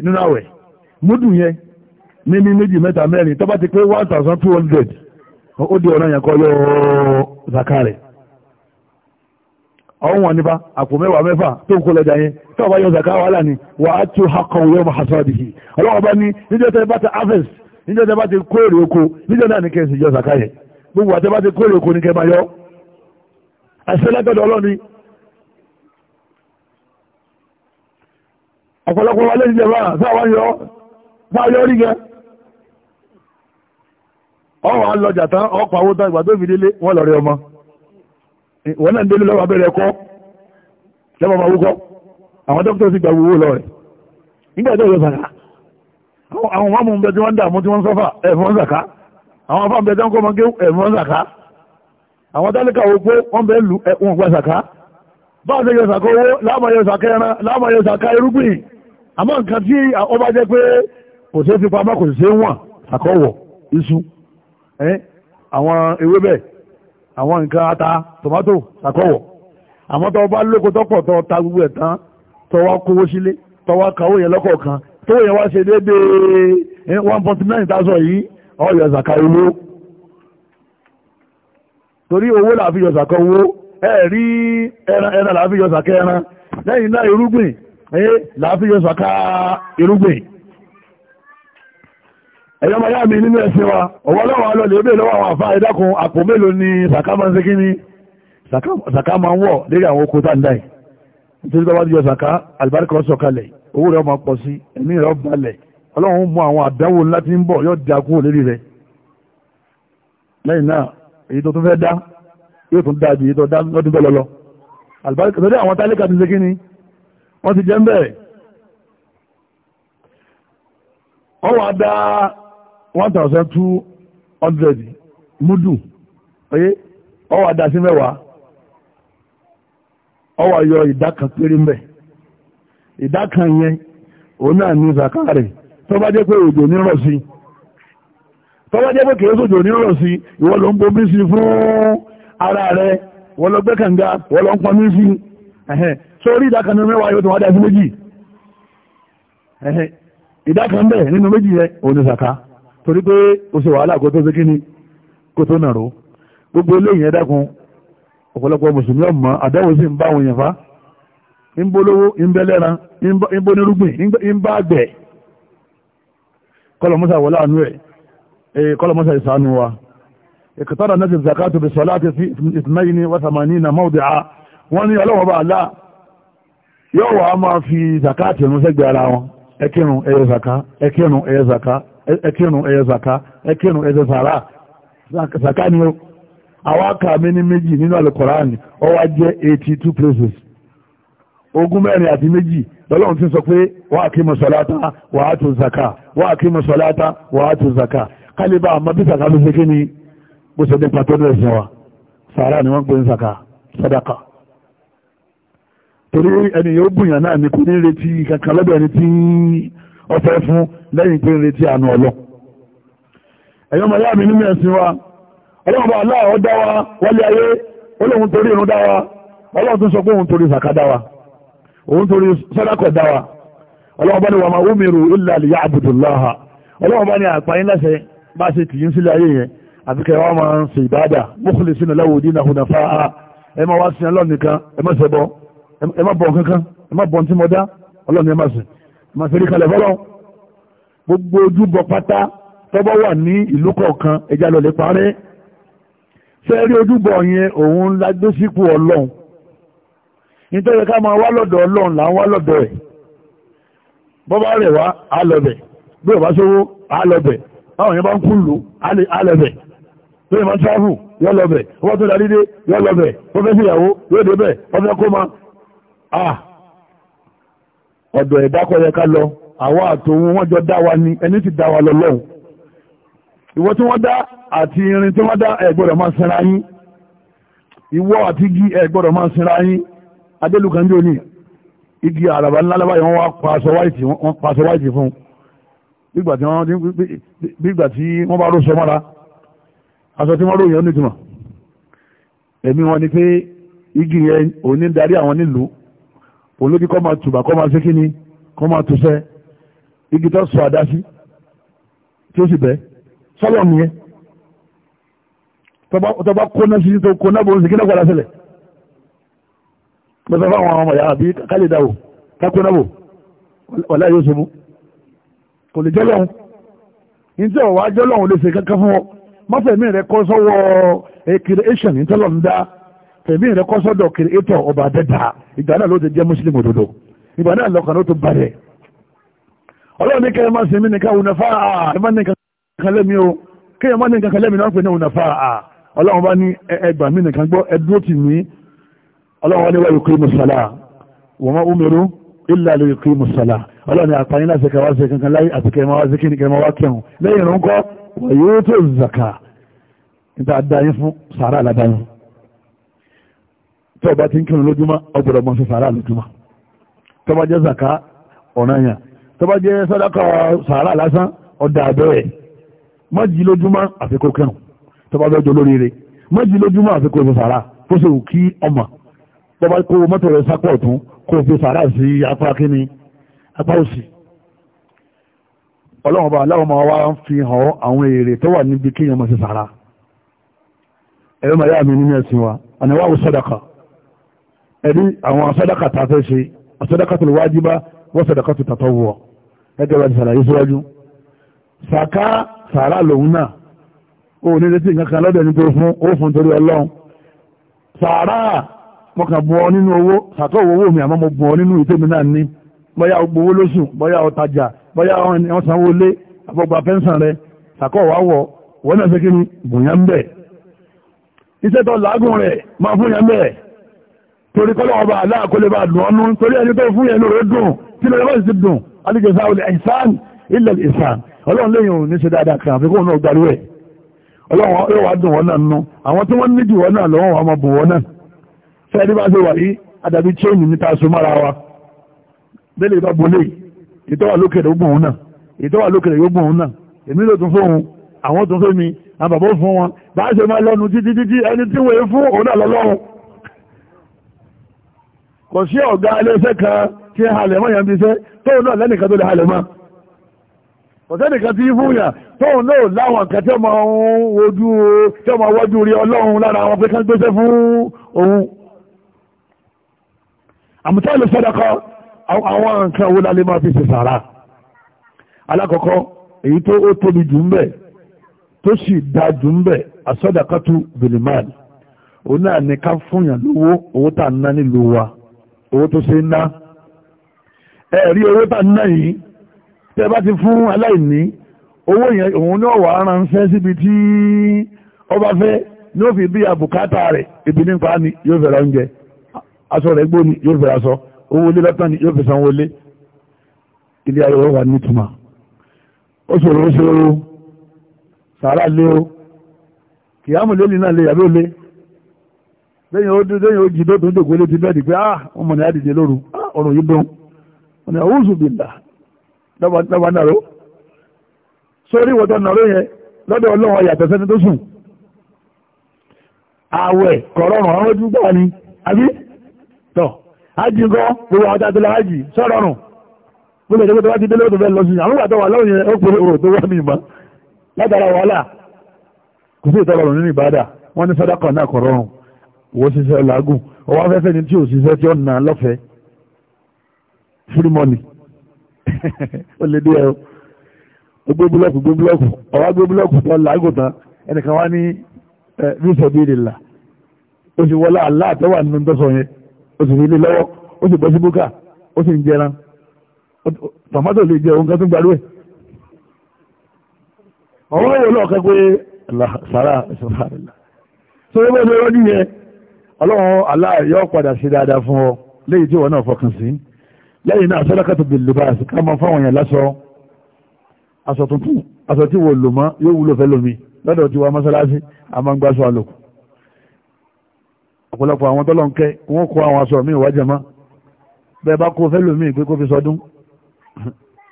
nínú àwẹ̀ múdù yẹn níní méjì mẹ́ta mẹ́rin tó bá ti pé one thousand two hundred ó di ọ̀nà yẹn kọ́ yọ zaka rẹ̀ àwọn wọn nípa àpò mẹ́wàá mẹ́fà tó ń kó lọ́jà yẹn tó bá yọ zaka wàhálà ni wà á tún hakọ̀ yọ ọmọ hasadihi ọlọ́wọ́ bá ní níjọ́ tẹ́ bá ti harvest níjọ́ tẹ́ bá ti kó èrè oko níjọ́ náà ní kẹ́ sì yọ zaka yẹn gbogbo àtẹ́ bá ti kó èrè oko ní kẹ́ máa yọ àṣẹ látọ̀dọ̀ ọwọ́ alọ́jà tán ọkọ̀ owó tán ìgbà tó fi délé wọ́n lọ́rẹ́ ọmọ wọ́n náà délé lọ́wọ́ abẹ́rẹ́ ẹ̀kọ́ lẹ́wọ́n máa wúkọ́ àwọn dókítà sì gba owó lọ rẹ̀ nígbà tó yọ sàkà àwọn ọmọ mú bẹ tí wọ́n ń dààmú tí wọ́n ń sọ́fà ẹ̀fọ́n sàkà àwọn afá bẹ tí wọ́n kọ́ mọ́gé ẹ̀fọ́n sàkà àwọn tálíkà wo pé wọ́n bẹ lu ẹ̀wọ̀n gba sàkà bá a ṣe yọ sàkà owó láàmà yọ sàkà ẹran láàmà yọ sàkà irúgbìn àmọ́ nǹkan tí ọba jẹ́ pé kò ṣeé fi pamọ́ kò ṣeé wọ̀n sàkọ̀wọ̀ iṣu àwọn ewébẹ̀ àwọn nǹkan ata tomato sakọwọ àmọ́ tó bá lóko tọ́pọ̀ tó ta gbogbo ẹ̀ tán tó wá kówó sílé tó wá kàwó yẹn lọ́kọ̀ọ̀kan tó yẹ wá ṣe déédéé one point nine thousand yìí ọ̀yọ̀ zaka owó torí owó làá fi yọ zaka owó ẹ̀rí ẹran ẹran làá fi yọ zaka ẹran lẹ́yìn náà irúgbìn làá fi yọ zaka irúgbìn ẹ̀yọ́ ma yá mi nínú ẹ̀sìn wa ọwọ́ lọ́wọ́ alọ́lẹ̀ ebè lọ́wọ́ àwọn àfá ẹ̀dákun àpò mélòó ni sàkámà ń sékí ni sàkámà ń wọ̀ lérí àwọn oko tàǹdáì nítorí bá wá jọ sàká àlùbáríkà ọ̀sọ̀ kalẹ̀ owó rẹ̀ ọmọ pọ̀ sí ẹ̀mí rẹ̀ balẹ̀ ọlọ́run mú àwọn àdáwò ńlá tí ń bọ̀ yóò da kúrò lérí rẹ̀ lẹ́yìn náà èyí tó tún fẹ́ dá yóò tún dá èyí tó dá lọ́dún bẹ́ẹ̀ lọ́lọ́ àlùbáríkà ni wọ́n ti one thousand two hundred múdù oye ọwọ́ adásí mẹ́wàá ọwọ́ ayọ ìdá péré mbẹ̀ ìdá yẹn òun náà ní zakari tó bá pé òjò ní sí tó pé kìí sójò sí ìwọ ló ń ara rẹ kànga ń pọnmi sí sórí yóò tó wá dá sí méjì torí pé o ṣe wàhálà kó tó ṣe kíni kó tó nàró gbogbo eléyìí ẹ̀dákun ọ̀pọ̀lọpọ̀ mùsùlùmí ọ̀mọ́ àdáwò sì ń bá àwọn èèyàn fa ń bólówó ń bẹ́lẹ́ran ń bó nírúgbìn ń bá àgbẹ̀ kọlọmọsà wọlé àánú ẹ̀ kọlọmọsà ìsànú wa ìkàtàrà náà ti zakatu bí sọlá ti fi ìtìmáyìí ní wàtàmání na mọ́ọ̀dì a wọ́n ní ọlọ́wọ́ bá àlá yóò wà máa fi zakatu ẹ̀mú sẹ́gbẹ̀ẹ́ ara wọn ẹkírun ẹyẹ zaka ẹkírun ẹyẹ zaka ẹkírun ẹyẹ zaka ẹkírun ẹyẹ zara zaka ni o àwọn akàmì ní méjì nínú alukoran ó wá eighty two places ogún mẹ́rin àti méjì lọ́lọ́run ti sọ pé wà á kí mọ̀sálátà wà á tó zaka wà á kí mọ̀sálátà wà á tó zaka kálíbà mabisa bí zaka ló ṣe kí ni bó ṣe ní pàtó ní ẹ̀sìn wa sàárà ni wọ́n gbé ń zaka sadaka torí ẹni yóò bùyàn náà ni kò ní retí kankan lọ́dọ̀ ẹni tí ó fẹ́ fún lẹ́yìn pé ń retí àánú ọlọ́ ẹ̀yọ́ mọ̀ yáàmì nínú ẹ̀sìn wa ọlọ́run bá aláàwọ̀ dá wa wálé ayé olóhun torí irun dá wa ọlọ́run tó sọ pé òun torí sàká dá wa òun torí sàdákà dá wa ọlọ́run bá ní wa ma umiru illa liya'budullaha ọlọ́run bá ẹ má bọ̀ kankan ẹ má bọ̀ ní tí mo dá ọlọ́run ẹ má sìn ẹ má fẹ́rí kalẹ̀ fọlọ́ gbogbo ojú bọ pátá tọ́bọ̀ wà ní ìlú kọ̀ọ̀kan ẹja lọ lè parẹ́ sẹ́rí ojúbọ yẹn òun lágbé sípò ọlọ́run nítorí ká máa wá lọ́dọ̀ ọlọ́run là ń wá lọ́dọ̀ ẹ̀ bọ́bá rẹ̀ wá á lọ́bẹ̀ bí ò bá sówó á lọ́bẹ̀ báwọn yẹn bá ń kú lù á lọ́bẹ̀ tó yẹ máa ń sáfù yọ lọ́bẹ̀ ọba tó darí dé yọ lọ́bẹ̀ ó fẹ́ sí ìyàwó yóò débẹ̀ ó fẹ́ kó máa ah ọ̀dọ̀ ẹ̀dá kọ́ yẹ ká lọ àwọn àtòun wọ́n jọ dá wa ni ẹni tí dá wa lọ lọ́hùn ìwọ tí wọ́n dá àti irin tí wọ́n dá ẹ gbọ́dọ̀ máa sinra yín ìwọ àti igi ẹ gbọ́dọ̀ máa sinra yín adélùkànjọ́ ni igi àràbà ńlá lábáyé wọ́n wá pàṣọ wáìtì fún bígbà tí wọ́n bá ró sọ mọ́ra aṣọ tí wọ́n ròyìn ó nítumọ̀ ẹ̀mí wọn ni pé igi yẹn ò ní darí àwọn nílùú olóbi kọ́ máa tùbà kọ́ máa ṣe kíni kọ́ máa tùṣẹ́ igi tó sọ àdá sí tí ó sì bẹ́ sọ́lọ̀ nìyẹn tọba kóná sí tó kóná bó ń sì kíná padà sílẹ̀ lọ́sọ̀ fáwọn ọmọ ìyá àbí kálí ìdáwò kákóná bò ọ̀lá yóò ṣe mú kò lè jẹ́ lọ́hùn ní tí ọ̀wá jẹ́ lọ́hùn lè ṣe kankan fún ọ mọ́fẹ̀mí rẹ kọ́ sọ́wọ́ creation ní tọ́lọ̀ ń dá tẹ̀mí rẹ kọ́ sọ́dọ̀ kiri ètò ọba dẹ́ta ìgbà náà ló ti jẹ́ mùsùlùmí òdodo ìgbà náà lọ́kàn ló ti balẹ̀ ọlọ́run ní kẹ́yìn máa sinmi nìkan ònàfà ẹ má nìkan kan lẹ́mi o kẹ́yìn má nìkan kan lẹ́mi náà pè ní ònàfà ọlọ́run bá ní ẹgbà mí nìkan gbọ́ ẹ dúró tì mí ọlọ́run ní wáyé kiri musala wọ́n máa umiru ilà lè kiri musala tó o bá ti ń kírun lójúmọ́ ọgbọ̀dọ̀ mọ́ sí sàárà lójúmọ́ tó jẹ́ zaka ọ̀ranyàn tó bá jẹ́ sàdákà sàárà lásán ọ̀dà abẹ́rẹ́ mọ́jì lójúmọ́ àfikún kírun tó bá fẹ́ jọ lórí rẹ̀ mọ́jì lójúmọ́ àfikún sí sàárà tó sì kí ọmọ tó bá kó mọ́tò rẹ̀ sápọ̀ tún kó fi sàárà sí apá kíní apá òsì ọlọ́run ọba aláwọ̀ máa wá fi hàn àwọn èrè tó wà níbi kíyàn mọ́ sí sàárà ẹ̀rọ màá mi nínú ẹ̀sìn wa àníwáwò sàdákà ẹ̀rí àwọn sàdákà tá a fẹ́ ṣe sàdákàtul wájíbà wọ́n sàdákàtul tatawwu' ẹgbẹ́ bá ti sàlàyé síwájú sàká sàrà lòun náà ó ní létí nǹkan kan lọ́dọ̀ ní pé fún ó fún torí ọlọ́run sàrà mo kàn bọ́ nínú owó sàkó owó mi àmọ́ mo bọ́ nínú ìtẹ́mi náà ní bóyá o gbowó lóṣù bóyá o tajà bóyá wọ́n sanwó lé àbọ̀gbà pẹ́ńsàn rẹ sàkó wàá wọ̀ wọ́n náà ṣe kí ni bùnyá ń bẹ̀ iṣẹ́ tó làágùn rẹ̀ máa fún yẹn bẹ́ẹ̀ torí kọ́lọ̀ ọba aláàkọlẹ̀ bá dùn ọ́nú torí ẹni tó fún ẹnu rẹ̀ dùn tí lọ lọ́wọ́ sí dùn alìjẹsà olè ìsán ilẹ̀ ìsán ọlọ́run lẹ́yìn òní ṣe dáadáa kan àfikún náà gbarú ẹ̀ ọlọ́run yóò wá dùn wọn náà nú àwọn tí wọ́n ní jù wọn náà lọ́wọ́ wọn máa bù wọn náà ṣe ẹni bá ṣe wà yí adàbí chéènì níta so mára wa bẹ́lẹ̀ bá kò sí ọ̀gá iléeṣẹ́ kan tí halẹ̀ mọ́ yẹn bí iṣẹ́ tóun náà lẹ́nìkan tó lè halẹ̀ mọ́ kò sẹ́nìkan tí fún yà tóun náà láwọn nǹkan tí ọmọ ojú tí ọmọ wọ́jú rí ọlọ́run lára àwọn pé kán gbéṣẹ́ fún òun àmútá lè sọ́dọ̀kọ́ àwọn nǹkan wo lálé máa fi ṣe sàrà alákọ̀ọ́kọ́ èyí tó ó tóbi jù ń bẹ̀ tó sì dáa jù ń bẹ̀ àsọ́dọ̀kọ́ bìlìmáàlì òun náà ní ká fún lówó owó tà ń ná nílùú wa owó tó ṣe ń ná ẹ̀rí owó tà ná yìí tẹ́ bá ti fún aláìní owó yẹn òun náà wà ránṣẹ́ síbi tí ọba fẹ́ ní ó fi bí àbùkátà rẹ̀ ibi nípa ni yóò fẹ́ra oúnjẹ aṣọ rẹ̀ gbó ni yóò fẹ́ra aṣọ owó ilé lọ́tàn ni yóò fi sanwó ilé ilé ayé wọ́n wà nítumọ̀ ó ṣòro ó ṣòro sàárà lé o kìámù lélì náà lè yàrá ó lé lẹ́yìn ọdún lẹ́yìn ojì tó tó ń dògbò létí bẹ́ẹ̀ dìgbé ah ọmọ ní àdìdì lóru ah, ọ̀rọ̀ yìí dùn ọ̀nà bìlà lọ́wọ́ sórí yẹn lọ́dọ̀ sẹ́ni tó sùn àwẹ̀ kọ̀rọ̀rùn àwọn ojú gbà ni àbí tọ̀ gbogbo àwọn tàbí láàájì sọ̀rọ̀rùn gbogbo ìjọba ti délé tó wọ́n ṣiṣẹ́ làágùn ọwọ́ afẹ́fẹ́ ni tí ò ṣiṣẹ́ tí ó nà lọ́fẹ̀ẹ́ free money ó lè dé ẹ o gbé búlọ́ọ̀kù gbé búlọ́ọ̀kù ọwọ́ gbé búlọ́ọ̀kù tó làágùn tán ẹnìkan wá ní rúṣọ bíi ìlà ó sì wọlé àlá àtọ́wà nínú tọ́sọ yẹn ó sì fi ilé lọ́wọ́ ó sì bọ́ sí búkà ó sì ń jẹran tòmátò lè jẹ òun kan tó gbarú ẹ̀ ọwọ́ ìwọlọ́ọ̀kẹ́ pé sàrà ìṣòro àrẹ̀lá tó yẹ bẹ́ẹ̀ ọlọ́run aláàyọ́ padà sí dáadáa fún ọ léyìí tí wọ́n náà fọkàn sí lẹ́yìn náà sọ́dọ́kàtà bèèrè bá sí ká máa fáwọn èèyàn lásọ aṣọ tuntun aṣọ tí wọ́n lò mọ́ yóò wúlò fẹ́ lómi lọ́dọ̀ tí wọ́n mọ́sálásí a máa ń gbáṣọ àlòkù ọ̀pọ̀lọpọ̀ àwọn tọ́lọ̀ ń kẹ́ wọ́n kó àwọn aṣọ míì wájà má bẹ́ẹ̀ bá kó fẹ́ lómi pé kó fi sọdún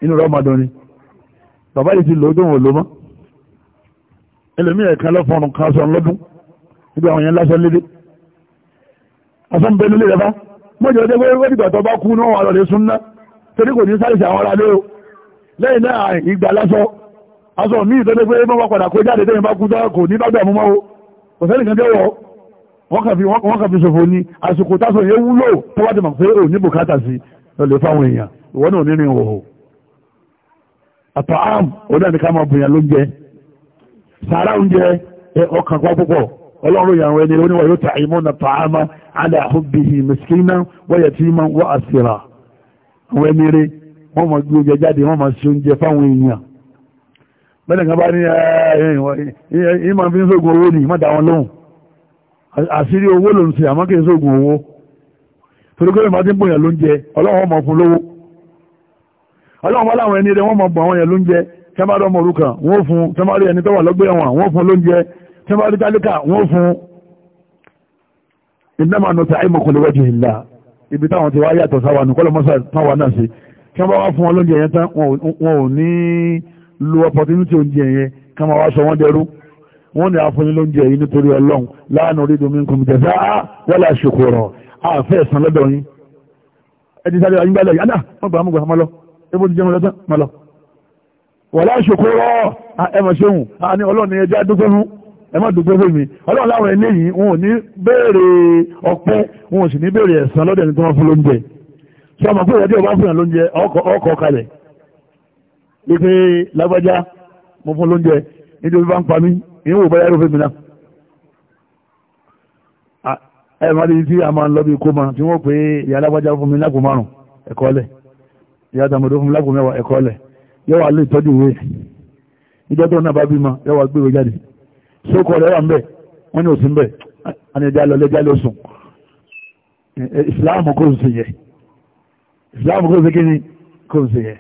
inú rẹ̀ ọmọdún ni bàbá yìí ti lò ó dóhùn mọ́ ẹlòmíì ẹ̀ka lọ́fọ̀ọ́rùn kan aṣọ lọ́dún níbi àwọn yẹn lásán lédè ọ̀sán bẹnu lè rẹ̀fá mọ́jọ jẹ́ pé wẹ́dìgbà tó bá kú náà wà lọ́lẹ̀ súnná torí kò ní sáìsì àwọn ará léo lẹ́yìn náà ìgbà lásọ aṣọ míì tó dé pé mọ́ padà kó jáde tẹ́yìn bá kú tó kò ní bágbà mú mọ́wó kò sẹ́nì kan jẹ́wọ́ wọ́n kàn fi ni àsìkò tásọ yẹn wúlò tó wá ti mọ̀ pé ò ní bùkátà sí lọ́lẹ̀ fáwọn èèyàn ìwọ náà ní rìn òhò àtọ̀ ám ó dàní ká máa bùyàn lóúnjẹ sàárà oúnjẹ ọkàn pa púpọ̀ ọlọ́run yà àwọn ẹni oníwà yóò ta ìmọ́nà tààmà aláhùbìhì mẹ́sìkínà wáyàtíma wá àṣírà àwọn ẹni rẹ̀ wọ́n mọ̀ gbé oúnjẹ jáde wọ́n oúnjẹ fáwọn èèyàn kan bá ní ìmọ̀ eh, eh, eh, fi ń sógun owó ní wọn lóhùn àṣírí owó ló ń ṣe àmọ́ kí n sógun owó torí pé màá ti ń bòyàn lóúnjẹ ọlọ́run mọ̀ fún lówó ọlọ́run tí wọ́n rí tálíkà wọ́n fún innama nut'imukum liwajhi Allah ibi táwọn ti wá yàtọ̀ sáwà nù kọ́lọ̀ mọ́sà táwà náà sí kí wọ́n bá wá fún wọn lóúnjẹ yẹn tán wọn ò ní lo opportunity oúnjẹ yẹn ká wá sọ wọ́n dẹrú wọ́n ní àfọyín lóúnjẹ yìí nítorí ọlọ́run la nuridu minkum jazaa wala shukura àfẹ́ ẹ̀sán lọ́dọ̀ yín ẹ̀dí sáré ayé gbálẹ̀ yìí adáà wọ́n gbà mú ebó ti jẹ́ mọ́ lọ́tán má lọ wala shukura ẹ̀mọ̀ ṣeun àní ọlọ́run ẹja dúpẹ́ fún ẹ má dùgbò fún mi ọlọ́run láwọn eléyìí wọn ò ní béèrè ọpẹ́ wọn ò sì ní béèrè ẹ̀san lọ́dẹ̀ ní tí wọ́n fún lóúnjẹ sọ ma fún ìyàdí ọba fún yàn lóúnjẹ ọkọ̀ kalẹ̀ wípé lágbájá mo fún lóúnjẹ nítorí bá ń pa mí ìyẹn wò báyà rúfin mi náà ẹ má di tí a máa ń lọ bí kó ma tí wọ́n pè é ìyá lágbájá fún mi lápò márùn ẹ̀kọ́ lẹ̀ ìyá tàmọ̀dọ́ fún mi lápò mẹ́wàá ẹ̀kọ́ lẹ̀ yọ wà lè tọ́jú ìwé ìjọ́ tó náà bá bímọ yọ wà gbé ìwé jáde sókò rẹ̀ wà ń bẹ̀ wọ́n ní òsì ń bẹ̀ wọ́n ní ẹja lọ lẹ́jà ló sùn ìsìláàmù kò sì yẹ ìsìláàmù kò sì kí ni kò sì yẹ.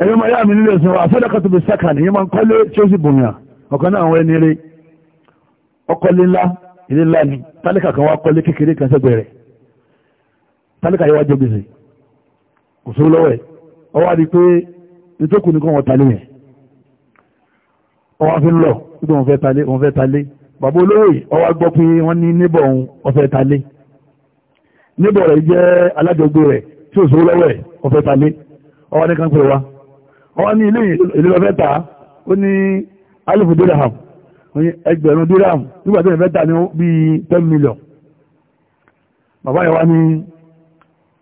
ẹ̀yọ́ máa yá mi nílé ìsìn wa àfẹ́dàkọ́ tó fi sáka nìyẹn máa ń kọ́lé tí ó sì bùnyàn ọ̀kan náà àwọn ẹni rẹ̀ ọkọ̀lé ńlá ilé ńlá ni tálíkà kan wá kọ́lé kékeré kan sẹ́gbẹ̀ẹ́ rẹ̀ tálíkà yẹn wá jẹ gbèsè kò sówó lọ́wọ́ ẹ̀ ọwọ́ ọwọ́ fi lọ nígbà wọn fẹ́ talé wọn fẹ́ talé bàbá olóyè ọwọ́ gbọ́ pé wọ́n ní níbọ̀ òun ọfẹ́ talé níbọ̀ rẹ̀ jẹ́ alájọgbé rẹ̀ tí ò sówó lọ́wọ́ ẹ̀ ọfẹ́ talé ọwọ́ ní kan pè wá ọwọ́ ní ilé ìlú lọ́fẹ́ ta ó ní alifu dirham ẹgbẹ̀rún dirham nígbà tí wọ́n fẹ́ ta ní bíi ten million bàbá yẹn wá ní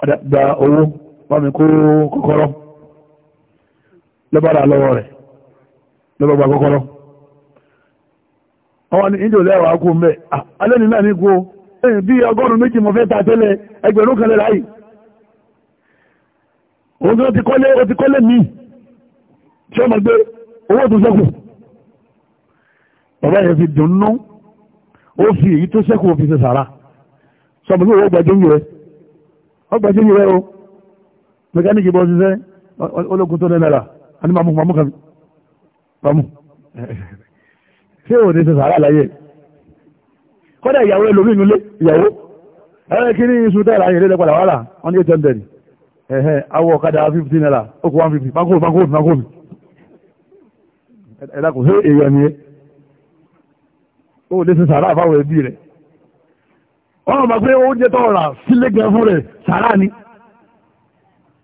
ọ̀dà owó bá mi kó kọ́kọ́rọ́ lọ́bàrà lọ́wọ́ rẹ̀ lọ́ba gba kọ́kọ́rọ́ ọwọ́ ni ìjọ lẹ́wà kú mbẹ́ ah, alẹ́ ní náà ní kú ẹ̀yìn eh, bí ọgọ́rùn méjì mo fẹ́ ta tẹ́lẹ̀ ẹgbẹ̀rún kan lẹ́ra yìí òun tó ti kọ́lé ó ti kọ́lé míì tí ó mọ̀ gbé owó tó sẹ́kù bàbá yẹn fi dùnnú ó fi èyí tó sẹ́kù fi ṣe sàrà sọmọ pé owó gbàjú yìí rẹ ó gbàjú yìí o mẹkáníkì bọ́ ṣiṣẹ́ ológun tó lẹ́ náírà àní màmú màmú kan tọ́mù ṣé òní ṣe sàárà láyé kọ́dà ìyàwó ẹlòmí ìnulé ìyàwó ẹ̀rọ kí ní iṣu tẹ́ra ayé lẹ́lẹ́pàdà wàhálà wọ́n ní eight hundred ẹ̀hẹ́ awọ ọ̀kadà fifty naira okùn one fifty mákòó mákòó mákòó ẹ̀dá kò sí èèyàn ni ó lè ṣe sàárà fáwọn ẹbí rẹ̀ wọ́n mọ̀ pé oúnjẹ tó rà sílé gan fún rẹ̀ sàárà ni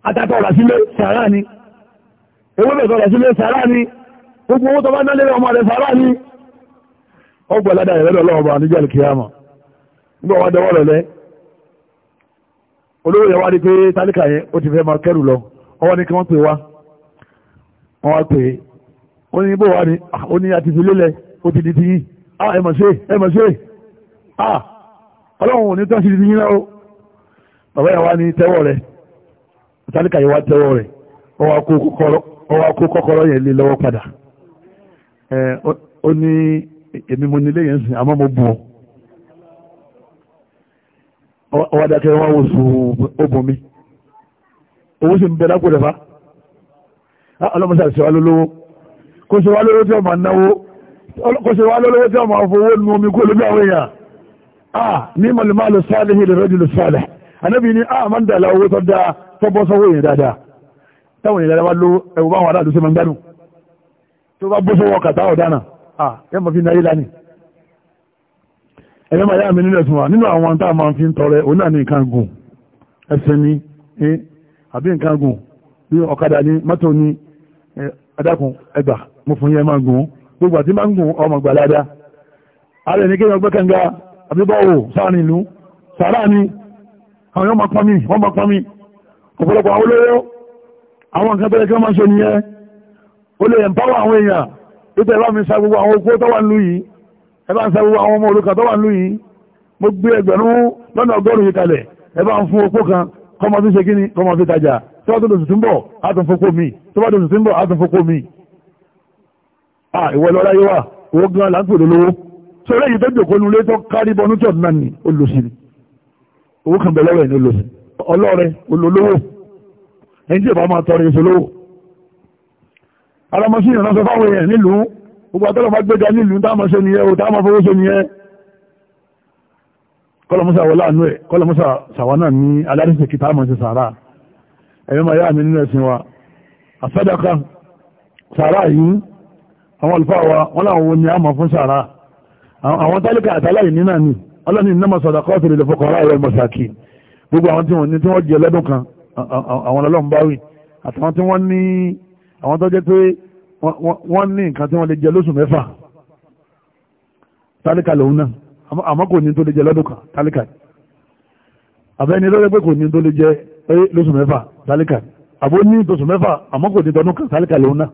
ata tó rà sílé sàárà ni ewébẹ̀ tó rà sílé sàárà ni gbogbo owó tó bá ná lérè ọmọ rẹ̀ sàárà ní ọgbà ládà ìrẹ́lẹ̀ ọlọ́wọ́ bá níjà kìíyàmà nígbà wọn dẹwọ́ rẹ̀ lẹ́ yẹn wá ní pé tálíkà lọ ọwọ́ ní kí wọ́n pè wá wọ́n wá pè ó ní bó wá ní ó ní àti fi lélẹ̀ ó ti di ti yín á ṣe ṣe á ọlọ́run ò ní sí ti yín náà bàbá yẹn wá ní tẹ́wọ́ rẹ̀ tálíkà yẹn wá tẹ́wọ́ rẹ̀ ọwọ́ akó ó ní èmi mo nílé yẹn sìn àmọ́ mo bù ọ́ ọwọ́ adákẹ́ wọn wò sùn ó bù mí owó sì ń bẹ lápò rẹ̀ fa ọlọ́mọsà ṣe wá lólówó kó ṣe wá lólówó tí ọmọ náwó kó ṣe wá lólówó tí ọmọ fowó nu omi kó lóbi àwọn èèyàn ah ní mọ̀lùmọ́ lọ sálẹ̀ ilẹ̀ rẹ́jù lọ sálẹ̀ anábì ní ah máa ń dà láwọ́ tó dáa tó bọ́ sọ́wọ́ èèyàn dáadáa táwọn èèyàn dáadáa wá ló aráàlú sí máa ń gbádùn tó bá bó sọ́wọ́ kàtà ọ̀dánà yẹ́ mọ̀ fi náyé lánìí ẹ̀yẹ́ máa yá mi nílẹ̀ tún wa nínú àwọn tá a máa fi ń tọrẹ òun náà ní nǹkan gùn ẹsẹ̀ ni àbí nǹkan gùn bí ọ̀kadà ní mọ́tò ní adákun ẹgbà mo fún yẹn máa gùn gbogbo àti máa ń gùn ọmọ gbà dáadáa ààrẹ ní kéèyàn gbẹ́ kànga àbí bọ́ọ̀wò sáàrin ìlú sàárà ni àwọn yóò máa pọ́n mi wọ́n máa pọ́n mi ọ̀pọ̀lọpọ̀ àwọn olówó àwọn nǹkan bẹ́ẹ̀ kí wọ́n máa ṣe nìyẹn ó lè empower àwọn èèyàn títẹ̀ bá mi sa gbogbo àwọn okó tó wà ń lú yìí ẹ bá ń sa gbogbo àwọn ọmọ olùkà tó wà ń lú yìí mo gbé ẹgbẹ̀rún lọ́nà ọgọ́rùn yìí kalẹ̀ ẹ bá ń fún okó kan kọmọ fi ṣe kíni kọmọ fi tajà tó bá tó dòsù túnbọ̀ àtún fokó mi tó bá dòsù túnbọ̀ àtún fokó mi. à ìwọ lọ́la yóò wà owó gan la ń pè lólówó sọ̀rọ̀ èyí tó jòkó nu lé kárí bọ́nú tọ̀ náà ni olùsìn owó kan bẹ̀ lọ́rọ̀ ẹ̀ ní olùsìn ọlọ́rẹ̀ olólówó ẹni tí ìbá máa tọrọ èso alamọ́sí ìrànlọ́sọ fáwọn èèyàn nílùú gbogbo àtọ́lọ́mà gbẹ́jà nílùú táàmà ṣe nìyẹn o táàmà fowó ṣe nìyẹn kọlọmọ́sà wọlá àánú ẹ̀ kọlọmọ́sà sàwánà ní aláríṣẹ́ kí táàmà ṣe sàárà ẹ̀yọ́ máa yá mi nínú ẹ̀sìn wa àsàdákà sàárà yìí àwọn àlùfáà wa wọ́n láwọn wo ni a mọ̀ fún ni ọlọ́ni iná masọ̀dà kọ́ sílẹ̀ fọkàn ará ẹ̀rọ masaki gbogbo àwọn tí wọ́n ní tí wọ́n jẹ lọ́dún kan àwọn ọlọ́run báwì àtàwọn tí àwọn tó jẹ́ pé wọ́n ní nǹkan tí wọ́n lè jẹ lóṣù mẹ́fà tálíkà lòun náà àmọ́ kò ní tó lè jẹ lọ́dún kan tálíkà àbẹ́ni lọ́dẹ́ pé kò ní tó lè jẹ lóṣù mẹ́fà tálíkà àbó ní tóṣù mẹ́fà àmọ́ kò ní tọdún kan tálíkà lòun náà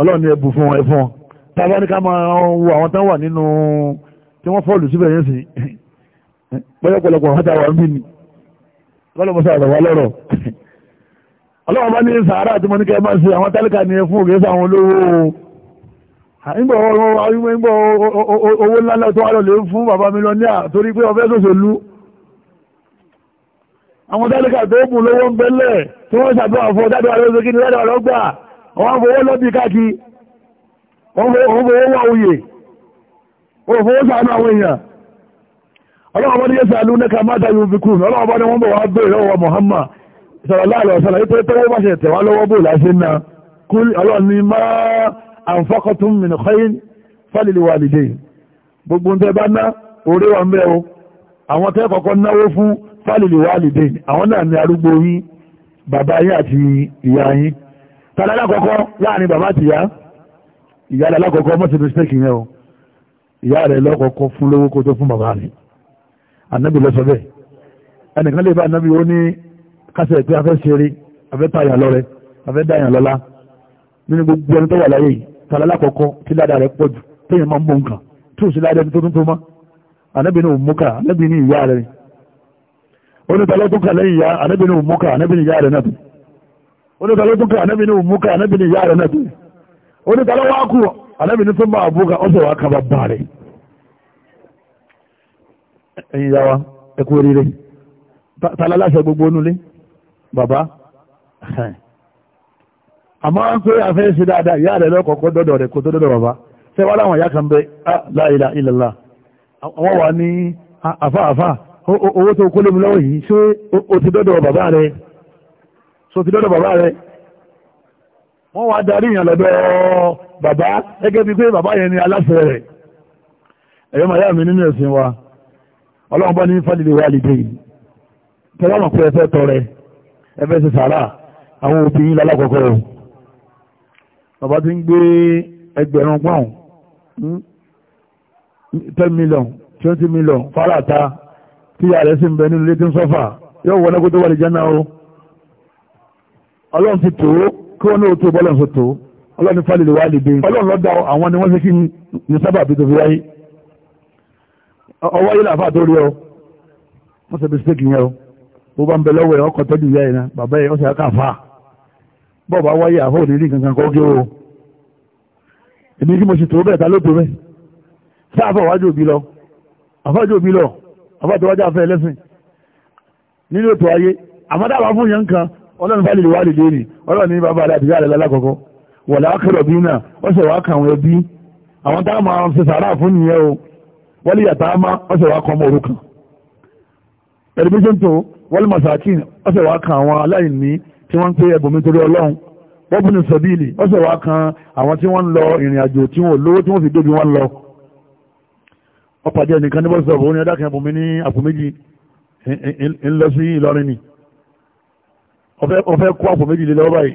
ọlọ́run ni ẹ̀bù fún wọn ẹ̀fọn tábà ní ká máa wo àwọn tán wà nínú tí wọ́n fọ́ọ̀lù síbẹ̀ yẹn sí pẹ́yọ́pọ̀lọpọ̀ àwọn táwọn ń bí ni ọlọ́wọ́n bá ní sàárà tí mo ní kẹ́ máa ṣe àwọn tálíkà ní fún òkè sáwọn olówó a owó ńlá tó wà lọ́lẹ̀ fún bàbá mílíọ̀nìyà torí pé ọfẹ́ sòṣèlú àwọn tálíkà tó kù lówó ń bẹ́lẹ̀ tí wọ́n ṣàdúrà fún ọjọ́ ni sallallahu alaihi wasallam nítorí tó wọ́n bá ṣe tẹ̀wá lọ́wọ́ bò láṣẹ náà kul ọlọ́run ní ma anfaqtum min khayrin falilwalidayn gbogbo tẹ́ bá ná orí wa ń bẹ o àwọn tẹ́ kọ́kọ́ náwó fún falilwalidayn àwọn náà ní arúgbó yín bàbá yín àti ìyá yín tàdá lákọ̀ọ́kọ́ láàrin bàbá kásẹ̀ pé afẹ́ ṣeré afẹ́ tààyàn lọ́rẹ́ afẹ́ dáyàn lọ́lá nínú gbogbo ẹni tó wà láyé yìí tààlà lákọ̀ọ́kọ́ tí ládàá rẹ̀ pọ̀ jù téèyàn máa ń bọ̀ nǹkan tí ò sí ládàá tó tún tó mọ́ ànábì ní òmùkà ànábì ní ìyá rẹ̀ onítàlọ́ tún kà lẹ́yìn ìyá ànábì ní òmùkà ànábì ní ìyá rẹ̀ náà tó onítàlọ́ tún kà ànábì ní òmùkà ànábì ní ìyá rẹ̀ náà tó onítàlọ́ wá kú ànábì ní tó máa bú ka ọ̀sẹ̀ wá kaba bá ẹ̀yin ìyá wa ẹ̀kú oríire tààlà láṣẹ gbogbo onúlé bàbá àmọ́ ń pé afẹ́ ṣe dáadáa ìyá rẹ̀ lọ́kọ̀ọ́kọ́ dọ́dọ̀ rẹ̀ kò tó dọ́dọ̀ bàbá ṣe wá láwọn ìyá kan bẹ ah, la ilaha illallah àwọn wà ní ah, àfáàfá owó tó kó lé mi lọ́wọ́ yìí ṣé o ti dọ́dọ̀ bàbá rẹ̀ so ti dọ́dọ̀ bàbá rẹ̀ wọ́n wá darí ìyàn lọ́dọ̀ bàbá gẹ́gẹ́ bí pé bàbá yẹn ni aláṣẹ rẹ̀ ẹ̀yọ́ màá mi nínú ẹ̀sìn wa ọlọ́run bá ní fálilẹ̀ wà lìdè yìí tẹ́lá pé ẹ fẹ́ tọrẹ ẹfẹ́ ṣe sàárà àwọn òbí yín lálákọ̀ọ́kọ́ o bàbá ti ń gbé ẹgbẹ̀rún pọ́ùn hmm, ten million twenty million fárata tí ààrẹ sì ń bẹ nínú ilé tí ń sọ́fà yóò wọ ẹnẹ́kó tó wà lè jẹ́ náà o ọlọ́run ti tó kí wọ́n ní o tó bọ́lọ̀ sọ tó ọlọ́run ní fálẹ̀ lè wá lè dé ọlọ́run lọ́dà àwọn ni wọ́n ṣe kí ní sábà bí tó wáyé ọwọ́ yìí làfà tó rí ọ wọ́n bí stéèkì yẹn o bó bá ń bẹ lọ́wọ́ ẹ̀ ọkọ̀ tọ́jú ìyá ẹ̀ náà bàbá ẹ̀ ọ̀sẹ̀ àkàfà bọ́ọ̀ bá wáyé àhó òní rí kankan kọ́ gé o èmi kí mo ṣe tó bẹ́ẹ̀ ta ló tó bẹ́ẹ̀ sáà àfọwájú òbí lọ àfọwájú òbí lọ àfọwájú àfẹ́ ẹlẹ́sìn nínú ètò ayé àmọ́dáwà fún yẹn kan ọlọ́run bá lè wà lè lórí ọlọ́run ní bàbá àti ìyá rẹ̀ lálákọ̀ọ́kọ́ wọ̀ lákọ̀ọ́ bí náà wọ́n ṣe wá kàwọn ẹbí àwọn táwọn máa ń ṣe sàárà fún nìyẹn o wọ́n lè yàtá máa wọ́n ṣe wá ọmọ òrukàn ẹ̀rí bí ṣe ń tó wọ́n masakin ọ̀sẹ̀ wàá kan àwọn aláìní tí wọ́n ń pé ẹbùnmi torí ọlọ́run wọ́n bùnú sẹ́bíìlì ọ̀sẹ̀ wàá kan àwọn tí wọ́n ń lọ ìrìn àjò tí wọ́n lówó tí wọ́n fi débi wọ́n lọ. wọ́n pàdé ẹnìkan ní bọ́sọ̀bù ó ní ẹ̀dá kan ẹbùnmi ní àpò méjì ń lọ sí Ìlọrin ni ọ̀fẹ́ kó àpò méjì lé lọ́wọ́ báyìí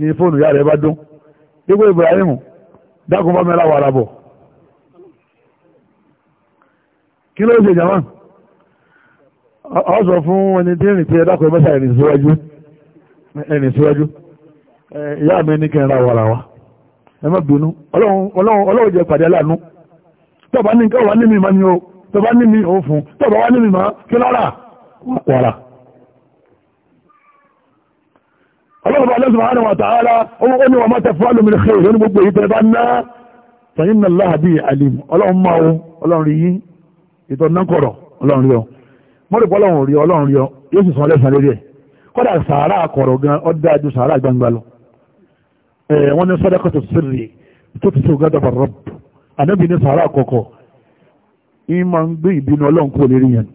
ní fóònù yára ẹ bá dún dípò Ibrahim dákun bá mẹ́ra wàrà bọ̀ kí ló ń ṣe jàmáà ọ sọ fún ẹni tí rìn pé ẹdákọ̀ mẹ́ta ẹ̀rìn síwájú ẹ̀rìn síwájú ìyá mi ní kẹrin àwọn ara wa ẹ má bínú ọlọ́run jẹ pàdé aláàánú tọba ní nǹkan wà nímì máa ní o tọba nímì ò fún tọba wà nímì máa kí lára wàrà ọlọ́run bá lọ́sùn àwọn àwọn àtàrà ó ní wọn máa tẹ̀fọ́ àlùmí xe ìlú gbogbo èyí tẹ́ bá ọ mọ́rò pọ́ ọlọ́run rí ọlọ́run rí ọ yóò sì san ọlẹ́sàn lérí ẹ̀ kọ́dà sàárà akọ̀rọ̀ gan ó dáa ju sàárà gbangba lọ wọ́n ní sọ́dọ̀ kọ́tù sírì tó ti sọ gádà bàrọ̀ ànábì ní sàárà kọ̀kọ̀ yín máa ń gbé ìbínú ọlọ́run kúrò lérí yẹn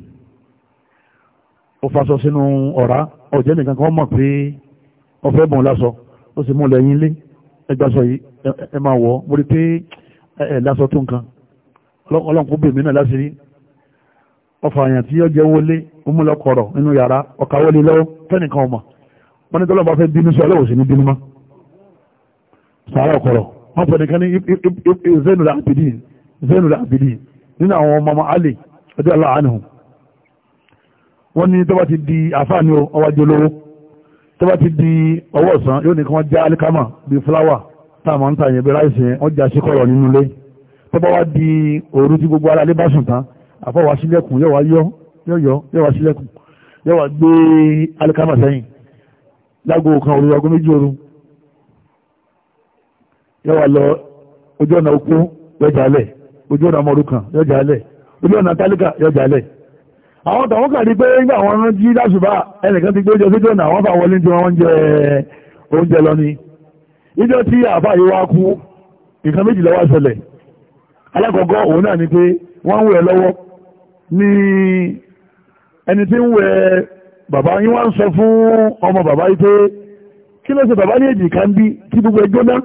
ó faṣọ sínú ọ̀rá ọ̀jẹ́ nìkan kan mọ̀ pé ọ̀fẹ́ bùn lásọ ó sì mú lẹ́yìn lé ẹgbàsọ yìí ẹ máa wọ̀ ọ́ mo rí pé ẹ̀ lásọ tó nǹkan ọlọ́run kó bèèmí náà láṣìírí ọfà àyàn tí yọ jẹ wọlé omúlọkọrọ nínú yàrá ọkà wọlé lọ́wọ́ tẹnìkan ọmọ wọn ni tọ́lọ́ bá fẹ́ bínú sí ọlọ́wọ́ ní bínú mọ́ sàárà ọkọrọ wọn fẹ́ nìkan ní zenula abidin zenula abidin nínú àwọn ọmọ ọmọ ali ọjọ́ aláwọ̀ àánú wọn ni tọ́ba ti di àfáàní ọwájú olówó tọ́ba ti di ọwọ́ ọ̀sán yóò ní kí wọ́n já alikama bíi fúláwà táwọn máa ń ta yẹn bí ráìsì yẹn àfọwà sílẹ̀kùn yọ́wà yọ́ yọ́ yọ́wà sílẹ̀kùn yọ́wà gbé alikama sẹ́yìn lágbo kan òru ago méjì òru yọ́wà lọ ojú ọ̀nà okó yọjà alẹ̀ ojú ọ̀nà ọmọ orúkàn yọjà alẹ̀ ojú ọ̀nà tálíkà yọjà alẹ̀ àwọn tàwọn kàrí pé nígbà wọn jí láṣùbà ẹnìkan ti gbé oúnjẹ sí dọ́nà àwọn bá wọlé tí wọ́n jẹ oúnjẹ lọ ni ìjọ tí àbá yìí wá kú nǹkan méjì ló wá ṣẹlẹ̀ alákọ̀ọ́kọ́ òun náà ni pé wọ́n ń wẹ̀ lọ́wọ́ ni ẹni tí ń wẹ bàbá yín wá ń sọ fún ọmọ bàbá yìí pé kí ló ṣe bàbá ní èjìká ń bí kí gbogbo ẹjọ́ náà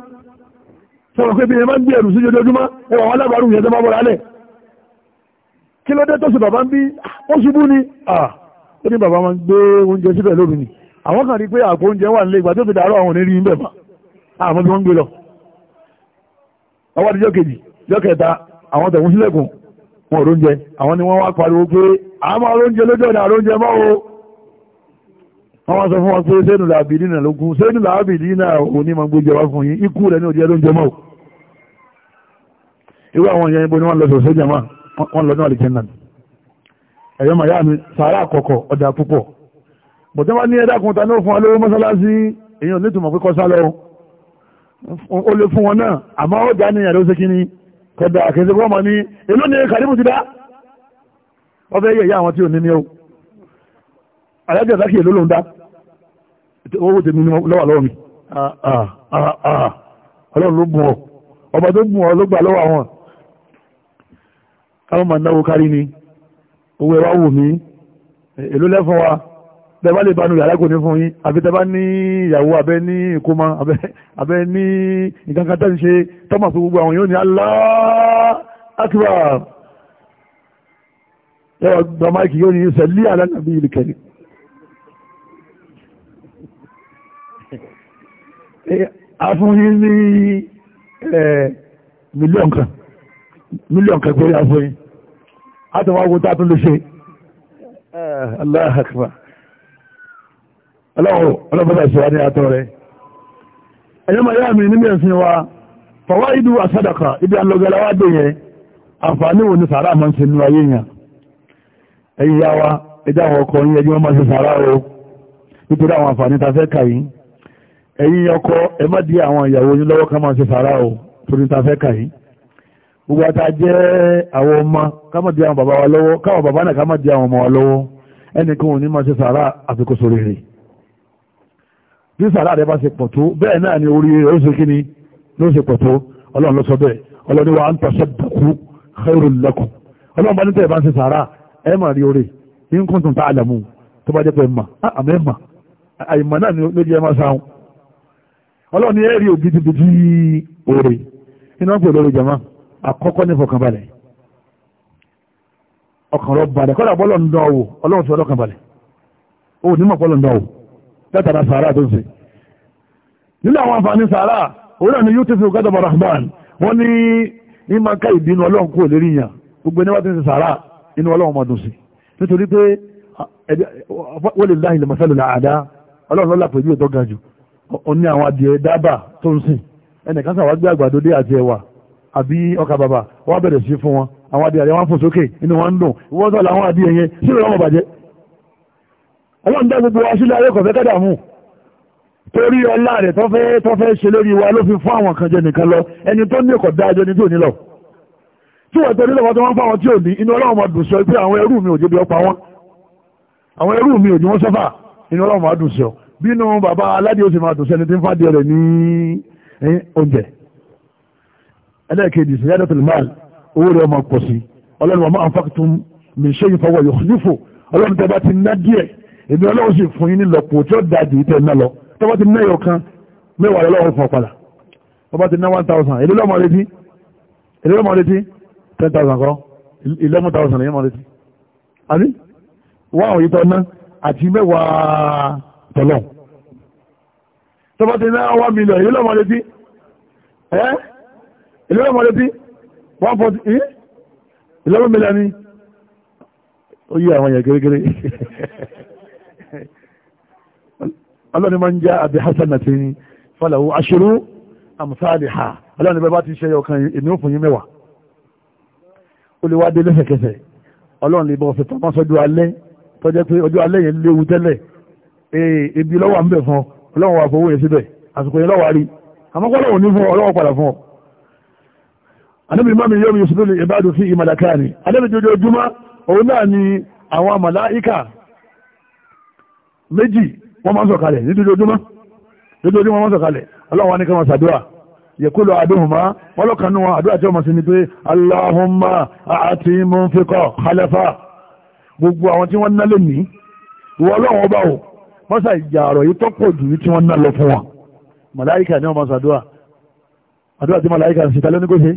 sọ̀rọ̀ pé bí ẹ máa ń gbé ẹ̀rù sí ojoojúmọ́ ẹ wà wọn lábàárù yẹn tó máa bọ́ra lẹ̀ kí ló tó ṣe bàbá ń bí ó ṣubú ni ó ní bàbá máa ń gbé oúnjẹ síbẹ̀ lóru ni àwọn kan rí pé àpò oúnjẹ wà nílé ìgbà tó fi dàárọ̀ àwọn ò ní rí níbẹ̀ bí wọ́n gbé lọ ọwọ́ àtijọ́ kejì jọ́ àwọn tẹ̀wọ́n sílẹ̀kùn wọn ò róúnjẹ àwọn ni wọ́n wá pariwo pé àmọ́ róúnjẹ lójọ́ ìdá róúnjẹ mọ́ o wọ́n wá sọ fún wọn pé sẹ́nu làbì nínà lókun sẹ́nu làbì nínà òní máa gbójẹ wá fún yín ikú rẹ̀ ní òjẹ́ róúnjẹ mọ́ irú àwọn ìyẹn ibo ni wọ́n lọ sọ̀sẹ́ jàmá wọ́n lọ ní àlìkẹ́ náà ẹ̀yọ́ màyá mi sàárà àkọ́kọ̀ ọjà púpọ̀ bọ̀tẹ́ wá ní ẹ̀dá kọ̀dà àkẹ́sẹ̀ kọ́ mọ̀ ní èló ni kàdíbù ti dá wọ́n fẹ́ yẹ̀ yá àwọn tí ò ní ní o alájà sákì èló ló ń dá owó tèmi ní lọ́wọ́ lọ́wọ́ mi ọlọ́run ló bùn ọ ọba tó bùn ọ ló gbà lọ́wọ́ àwọn káwọn máa náwó kárí ni owó ẹ wù mí èló lẹ́fọ́ wa bẹ́ẹ̀ bá lè bá nu yàrá kò ní fún yín àbí tẹ́ bá ní ìyàwó abẹ́ ní ìkómọ abẹ́ ní nǹkan kan tẹ́lẹ̀ ṣe tọ́mọ̀ fún gbogbo àwọn yóò ní Allah akbar yẹ́wà gba máìkì yóò ní salli ala nabiyil karim afúnyín ní mílíọ̀n kan mílíọ̀n kan pé afúnyín àtàwọn awo tá a tún lè ṣe Allah akbar ọlọ́run ọlọ́bọ̀dá ìṣẹ́wà ní àtọ́ rẹ̀ ni sàárà wa ẹjá àwọn ọkọ yín ẹjọ́ máa ṣe sàárà o nítorí àwọn àǹfààní ta fẹ́ kà yín ẹ̀yìn ọkọ ẹ má di àwọn ìyàwó yín lọ́wọ́ ká máa ṣe sàárà o torí ta fẹ́ kà yín gbogbo ata jẹ́ àwọn ọmọ ká má di àwọn bàbá wa lọ́wọ́ káwọn bàbá náà ká àwọn ọmọ wa lọ́wọ́ ẹnìkan ò ní máa ṣe sàárà àfikún sórí bí sàrà rẹ bá ṣe pọ̀ tó bẹ́ẹ̀ náà ni orí rẹ ó ṣe kí ni ló ṣe pọ̀ tó ọlọ́run ló sọ bẹ́ẹ̀ ọlọ́run ni wa an tasaddaqu khairul lakum ọlọ́run bá ní tẹ̀ bá ń ṣe sàrà ẹ mà rí orí in kuntum ta'lamun tó bá jẹ́ pé mà àmì mà àyìnbá náà ló jẹ́ máa sáwọn ọlọ́run ni ẹ rí òbítíbitì orí iná pè lórí jama àkọ́kọ́ ní fọkànbalẹ̀ ọkàn rọ balẹ̀ kọ́dà látara sàárà tó ń ṣe nínú àwọn àǹfààní sàárà òun náà ni yóò tẹ̀sí ògádà barahman wọ́n ní ní máa ká ìbínú ọlọ́run kúrò lérí yàn gbogbo ẹni wá ti ń ṣe sàárà inú ọlọ́run máa dùn sí nítorí pé wọ́n lè láhìlẹ̀ masalu làádá ọlọ́run lọ́la pẹ̀lú ètò ga jù ó ní àwọn adìẹ dábà tó ń sìn ẹnìkan sàwọn gbé àgbàdo dé àti ẹ̀wà àbí ọkà bàbà wọ́n bẹ̀rẹ̀ sí fún wọn àwọn adìẹ wọn fò inú wọn ń dùn ìwọ́n sọ̀rọ̀ ọlọ́run dá gbogbo wa sílẹ̀ ayé kọ̀fẹ́ kẹ́dà mú torí ọlá rẹ̀ tọ́fẹ́ tọ́fẹ́ ṣe lórí wa ló fi fún àwọn kan jẹ nìkan lọ ẹni tó ní ọkọ̀ dájọ́ ni tí ò ní lọ tí wọ́n tẹ̀lé lọ́wọ́ tó wọ́n fáwọn tí ò ní inú ọlọ́run máa dùn sí ọ pé àwọn ẹrú mi ò jẹ́ bí ọpa wọn àwọn ẹrú mi ò ní wọ́n sọ́fà inú ọlọ́run máa dùn sí ọ bínú bàbá aládìí ó sì máa dùn sí ẹni tí ń fàdí rẹ̀ ní oúnjẹ ẹlẹ́ẹ̀kejì sí yàtọ̀ tìlmáàlì owó rẹ̀ ọmọ pọ̀ sí ọlọ́run wa ma anfaqtum min shay'in fahuwa yukhlifuh ọlọ́run tẹ bá ti ná díẹ̀ èmi ọlọ́run sì fún yín nílọ̀pọ̀ tí ó dájú ìtẹ̀ náà lọ tó ti ná kan mẹ́wàá lọ́wọ́ fún ọ̀padà tó bá ti ná one thousand èlé lọ́mọ retí èlé lọ́mọ retí ten thousand kọ́ eleven thousand èyí mọ̀ retí àbí wọ́n àwọn yìí tọ́ ná àti mẹ́wàá tọ̀lọ̀ tó bá ti ná one million èlé lọ́mọ retí ẹ́ èlé lọ́mọ retí one forty eleven million ni ó yí àwọn yẹn kéré kéré. ọlọ́ni máa ń já àbí hasanatin falahu ashru amthaliha ọlọ́ni bẹ́ẹ̀ bá ti ṣe ọkàn èmi ò fún yín mẹ́wàá ó lè wá dé lẹ́sẹ̀kẹsẹ̀ ọlọ́run lè bọ̀ ọ̀sẹ̀ tó máa sọ́jú alẹ́ tó jẹ́ pé ọjọ́ alẹ́ yẹn léwu tẹ́lẹ̀ ebi eh, lọ́wọ́ à ń bẹ̀ fún ọ ọlọ́run wà fowó yẹn síbẹ̀ àsìkò yẹn lọ́wọ́ àrí àmọ́ kọ́ lọ́wọ́ ní fún padà fún ọ. anábìrì mọ́mi yóò yóò sọ́dọ̀ ìbádù sí ìmàlàkà ni anábìrì ojoojúmọ́ òun náà ni àwọn màláíkà méjì wọ́n máa ń sọ̀kalẹ̀ ní dojoojúmọ́ dojoojúmọ́ wọ́n sọ̀kalẹ̀ ọlọ́wọ́n ní kẹwọ́n sàdúrà yẹ̀kúlọ àdúhùnmá wọ́n lọ́kànnú wọn àdúrà tí ó mọ̀ sí ni pé aláhùnmá àti múnfikọ̀ khalafa gbogbo àwọn tí wọ́n ná lè ní ìwọ ọlọ́wọ́n bá wò wọ́n sà ìjà ọ̀rọ̀ yìí tọ́pọ̀ jù tí wọ́n ná lọ fún wọn màláìkà ni wọ́n máa sàdúrà àdúrà tí màláìkà sì talẹ́ oníkóṣe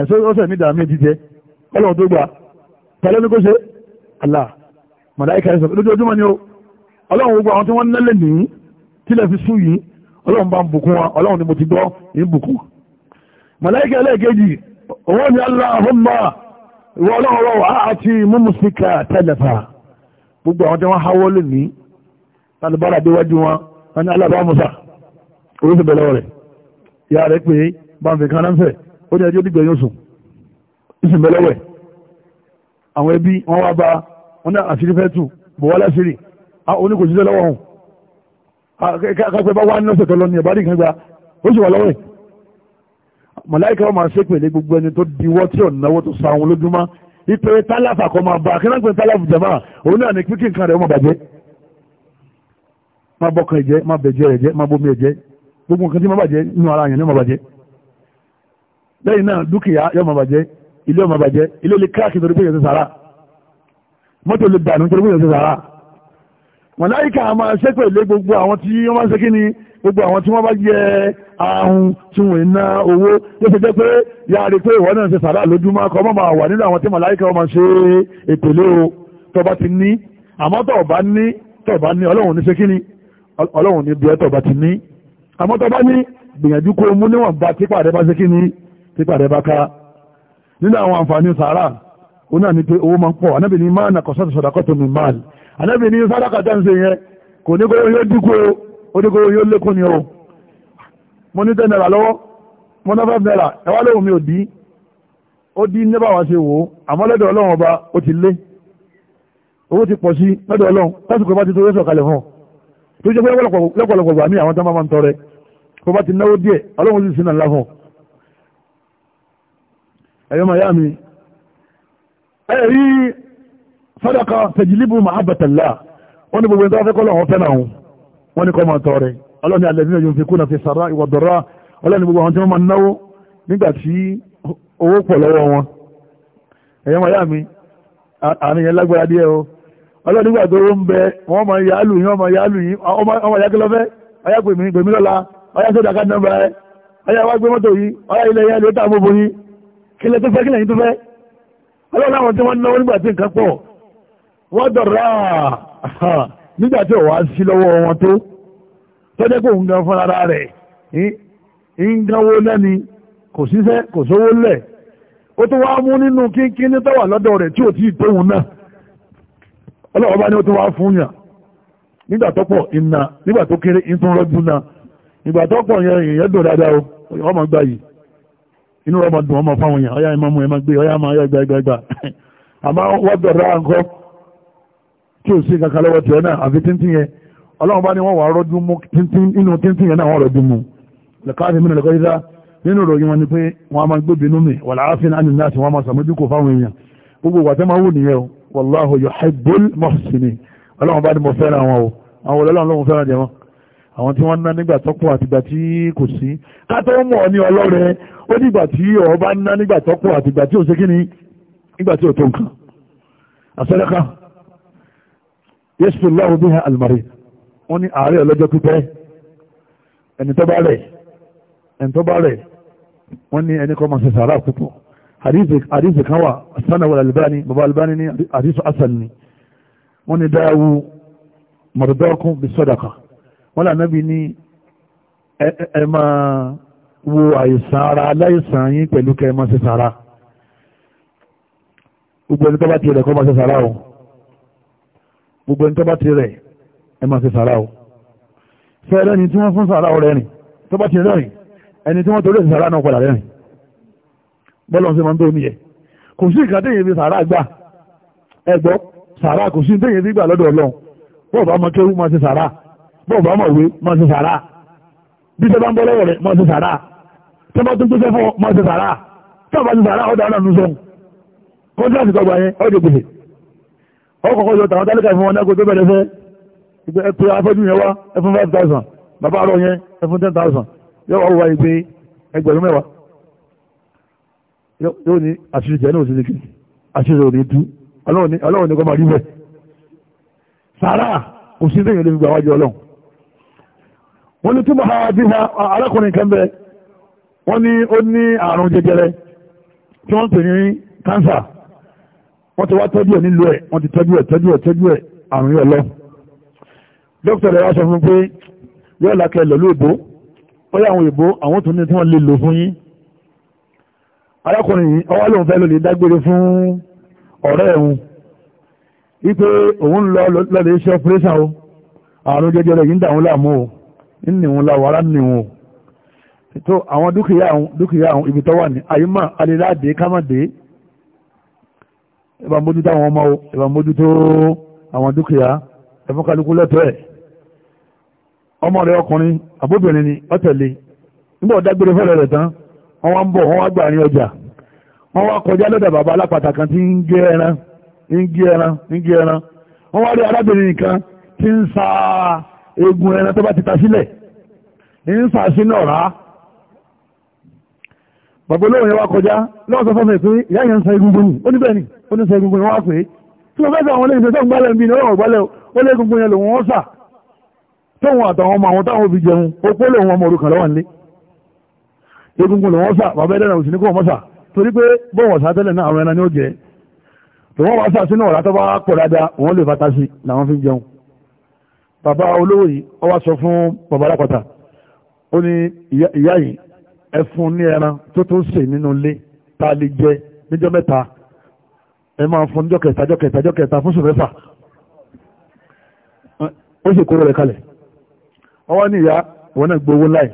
ẹ̀sọ́ ọ̀sẹ̀ mi dàmí jíjẹ ọlọ́wọ́n tó gbà talẹ́ oníkóṣe Allah màláìkà sọ lójoojúmọ́ ni ó ọlọ́run gbogbo àwọn tí wọ́n nẹ́lẹ̀ ní tílẹ̀ fi sú yìí ọlọ́run bá ń bùkún wa ọlọ́run ni mo ti gbọ́ ní bùkún màláíkà ẹlẹ́ẹ̀kejì owó ni aláhùnmá ìwọ ọlọ́run rọ wàá àti mímúsíkà tẹlẹfà gbogbo àwọn tí wọ́n háwọ́ lè ní tàlùbára déwájú wọn wọn ni alábàá musa oríṣi bẹ̀rẹ̀ rẹ̀ ìyá rẹ̀ pé bàǹfẹ̀ kan náà ń fẹ̀ ó ní ẹjọ́ dìgbẹ̀yìn oṣù ìsìn bẹ̀rẹ̀ wẹ̀ àwọn ẹbí wọn wá bá wọn ní àṣírí fẹ́ tù bọ̀wọ́lá sírì òní ah, kò jíṣẹ́ lọ́wọ́ òun ah, kápẹ́ bá wá ní ọ̀sẹ̀ tó lọ ní ẹ̀bá rí nǹkan gba ó sì wà lọ́wọ́ ẹ̀ màláìka wọn máa ṣépèlé gbogbo ẹni tó diwọ́ tí ò náwó tó sa àwọn lójúmọ́ ìpè tálàfà kọ́ máa bá kí náà pè tálàfà jàmá òun náà ní kíkì nǹkan rẹ̀ wọ́n bàjẹ́ máa bọ́kàn ẹ̀jẹ̀ máa bẹ̀jẹ̀ ẹ̀jẹ̀ máa bómi ẹ̀jẹ̀ gbogbo nǹkan tí máa bàjẹ́ nínú ara yẹn ní máa bàjẹ́ lẹ́yìn náà dúkìá yóò máa bàjẹ́ ilé máa bàjẹ́ ilé lè káàkiri torí pé yẹn ti sàrà mọ́tò lè dànù torí pé yẹn ti sàrà màláìkà a máa ṣépè lé gbogbo àwọn tí wọ́n máa ṣe kí ni gbogbo àwọn tí wọ́n bá jẹ ahun tí wọ́n ń ná owó ló ṣe jẹ́ pé yáa rí pé ìwọ náà ṣe sàrà lójúmọ́ kọ́ mọ́ máa wà nínú àwọn tí màláìkà wọ́n máa ṣe ètòlé o tó bá ti ní àmọ́ tó bá ní tó bá ní ọlọ́run ní ṣe kí ni ọlọ́run ní bí ẹ tó bá ti ní àmọ́ tó bá ní gbìyànjú kó mú níwọ̀n bá ni típa rẹ bá ká nínú anábì ní sàdákà tá ń ṣe yẹn kò ní kówó yóò dínkù o ó ní kówó yóò lékún ni o mo ní ten naira lọ́wọ́ mo ná five naira ẹ wá lóhùn mi ò dín ó dín níbà wá ṣe wò ó àmọ́ lọ́dọ̀ ọlọ́run ọba ó ti lé owó ti pọ̀ sí lọ́dọ̀ ọlọ́run lásìkò bá ti tó rẹ́sọ̀ kalẹ̀ hàn tó jẹ́ pé lọ́pọ̀lọpọ̀ sọ́dọ̀kọ tẹ̀jìlíbù mahabbatala wọ́n ní gbogbo ẹni tó fẹ́ kọ́lọ̀ wọn fẹ́ náà wọ́n ní kọ́ máa tọrẹ ọlọ́ni alẹ́dínlẹ̀ yóò fi kúnà fi sàrà ìwọ̀dọ̀rà ọlọ́ni gbogbo àwọn tí wọ́n máa náwó nígbà tí owó pọ̀ lọ́wọ́ wọn ẹ̀yọ́ màyá mi àárín yẹn lágbára díẹ̀ o ọlọ́ni nígbà tó ń bẹ wọ́n máa yá lù yín ọmọ yá lù yín ọmọ yá gbé mọ́tò yìí wọ́n dọ̀rọ̀ àà nígbà tí ò wá sí wọn tó tọ́jẹ́ kò ń gan ara rẹ̀ ń gánwó lẹ́ni kò síṣẹ́ kò sówó lẹ̀ ó tó wá mú nínú kínkín ní tọ́wà lọ́dọ̀ rẹ̀ tí ò tí tóhun náà ọlọ́wọ́ bá ní ó tó wá fún yàn nígbà tó pọ̀ nígbà tó kéré ìtún náà ìgbà tó pọ̀ yẹn èèyàn dùn dáadáa o ọmọ yìí inú ọmọ fáwọn yàn ọyá ìmọ̀ mú ẹ gbé ọyá gbàgbàgbà àmọ́ wọ́n dọ̀rọ̀ tí ò sí kankan lọ́wọ́ tiẹ̀ náà àfi tíntín yẹn ọlọ́run bá ní wọ́n wà rọ́jú mú tíntín inú tíntín yẹn náà wọ́n rọ́jú mú lẹ́kàáfin mi lẹ́kọ́ yíṣá nínú ìròyìn wọn ni pé wọ́n máa gbé bínú mi wà láàfin àní náà tí wọ́n máa sàmójú kò fáwọn èèyàn gbogbo wàtẹ́ máa wù nìyẹn o wàláhù yuhibbul muhsinin ọlọ́run bá ní mo fẹ́ràn àwọn o àwọn olólùwọ́n jẹ́ wọn àwọn ni nígbà tí ò yéṣu lọ́wọ́ bí hàn àlùmọ́rí wọ́n ní ààrẹ ọlọ́jọ́ pípẹ́ ẹni tó bá rẹ̀ ẹni tó bá rẹ̀ wọ́n ní ẹni kọ́ máa ṣe sàárà púpọ̀ àdìsí kan wà sanawó Albani baba Albani ní àdìsí asan ni wọ́n ní dáwù mọ̀dọ́dọ́kún bí sọ́dàkà wọ́n là nábì ní ẹ máa wo àìsàn ara aláìsàn yín pẹ̀lú kẹ́ máa ṣe sàárà gbogbo ẹni tó bá ti rẹ̀ máa ṣe sàárà ọ̀hún gbogbo ẹni tó bá ti rẹ̀ ẹ máa ṣe sàrà o fẹ́ ẹlẹ́ni tí wọ́n fún sàrà o rẹ̀rìn tó bá ti rẹ̀rìn ẹni tí wọ́n torí ẹ̀sìn sàrà náà padà rẹ̀rìn bọ́lọ̀ ṣe máa ń tó níyẹ kò sí ìka téèyàn fi sàrà gbà ẹgbọ́ sàrà kò sí téèyàn fi gbà lọ́dọ̀ ọlọ́run bọ́ọ̀ bá máa kéwú máa ṣe sàrà bọ́ọ̀ bá máa wé máa ṣe sàrà bí tẹ́ bá ń bọ́ lọ́wọ́ rẹ̀ máa ṣe sàrà tẹ́ ọkọ̀kọ́ yọ tàwọn tálíkà fún wọn náà kó tó bẹ̀rẹ̀ fẹ́ ìgbẹ́ ẹ pé afọ́jú yẹn wá ẹ fún five thousand bàbá àrọ̀ yẹn ẹ fún ten thousand yóò wá wá ìgbé ẹgbẹ̀rún mẹ́wàá yóò ní àṣírí jẹ́ náà òṣèlú kìí àṣírí òní tú ọlọ́run ní kọ́ máa rí bẹ́ẹ̀ sàrà kò sí lẹ́yìn olóògbé àwọn àjọ ọlọ́run wọ́n ní túbọ̀ àti arákùnrin kan bẹ́ẹ̀ wọ́n ní ó ní àrùn jẹjẹrẹ tí wọ́n ń pè ní cancer wọ́n ti wá tọ́jú ẹ̀ nílò ẹ̀ wọ́n ti tọ́jú ẹ̀ tọ́jú ẹ̀ tọ́jú ẹ̀ àrùn yóò lọ. dókítà rẹ̀ wá sọ fún pé yóò lákẹ́ lọ lóòbó ó yà àwọn òyìnbó àwọn tó ní tí wọ́n lè lò fún yín. arákùnrin yìí ọwọ́ lòun fẹ́ lò lè dágbére fún ọ̀rẹ́ ẹ̀hún wípé òun lọ lọ́lẹ̀ iṣẹ́ ọpẹ́rẹ́sà o àrùn jẹjẹrẹ yìí ń dà wọn láàmú o ní àyímọ̀ alẹ́ ìbá mójútó àwọn ọmọ ìbá mójútó àwọn dúkìá ẹ̀fọ́ kálukú lẹ́tọ́ ẹ̀ ọmọ ọkùnrin àbóbìnrin ni ọ nígbà ọ̀dágbére fẹ́rẹ̀ rẹ̀ tán wọ́n wá ń bọ̀ wọ́n gbà ní ọjà wọ́n kọjá lọ́dà bàbá alápàtà kan tí ń gé ẹran ń gé ẹran ń gé ẹran wọ́n wá rí arábìnrin tí ń sa eegun ẹran tó bá sílẹ̀ ń sa sínú ọ̀rá bàbá yẹn wá kọjá lọ́wọ́ sọ fọ́fẹ́ pé ìyá yẹn ń sa egungun ni ó ní bẹ́ẹ̀ ni ó ní sa egungun yẹn wá pé tí mo fẹ́ sọ àwọn olóyìn tó ń gbálẹ̀ ń bí ní ọ̀rọ̀ gbálẹ̀ ó lé egungun yẹn lòun wọ́n sà tóun àtàwọn ọmọ àwọn táwọn òbí jẹun ó pé lòun ọmọ òrukàn lọ́wọ́ nílé egungun lòun sà bàbá ẹ̀dẹ́ náà sì ní kó wọ́n sà torí pé bọ́wọ̀ sá tẹ́lẹ̀ náà àwọn ẹ fún ní ẹran tó tó sè nínú ilé tá a lè jẹ níjọ́ mẹ́ta ẹ máa fún níjọ́ kẹta jọ́ kẹta jọ́ kẹta fún sùmẹ́fà ó sì kúrò rẹ̀ kalẹ̀ ọwọ́ ní ìyá òun náà gbowó láì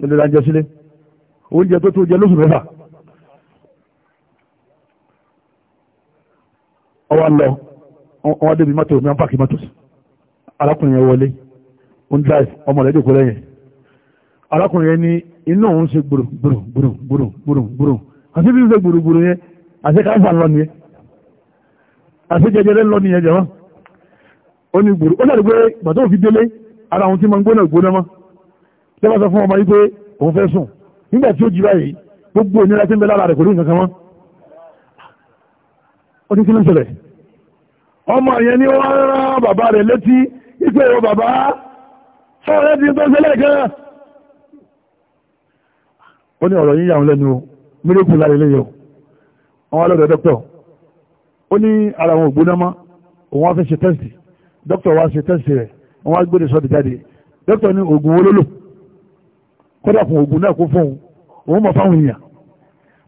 tó lè ránjẹ sílé oúnjẹ tó tó jẹ lóṣù mẹ́fà ọwọ́ lọ ọwọ́ débi mọ́tò mi pàkì mọ́tò arákùnrin yẹn wọlé ó ń drive ọmọ rẹ̀ dìkú lẹ́yìn arákùnrin yẹn ní inú òun ṣe gbòrò gbòrò gbòrò gbòrò gbòrò gbòrò àti bí ń ṣe gbòrò gbòrò yẹn àti káńsà lọ nìyẹn àti jẹjẹrẹ lọ nìyẹn jẹmọ ó ní gbòrò ó dàbí pé gbàtọ́ òfin délé ara àwọn tí máa ń gbóná gbóná mọ́ lẹ́wọ́n sọ fún ọmọ yìí pé òun fẹ́ sùn nígbà tí ó jí báyìí gbogbo ìnira tí ń bẹ lára rẹ̀ kò rí nǹkan kan mọ́ ó ní kí ló ń ṣẹlẹ̀ ọmọ yẹn ni wọ́n rán bàbá rẹ̀ létí ìpè ìwọ bàbá sọ̀rọ̀ ó ní ọ̀rọ̀ yíyà wọn lẹ́nu mírèkù lára ilé yẹn àwọn alọ́dọ̀ dọ́kítọ̀ ó ní ara wọn ògbóná mọ́ òun wá fẹ́ ṣe tẹ́sì dọ́kítọ̀ wá ṣe tẹ́sì rẹ̀ wọ́n wá gbére sọ́ọ̀dì jáde dọ́kítọ̀ ní oògùn olólò kọ́dà fún oògùn náà kó fún òun mọ̀ fáwọn èèyàn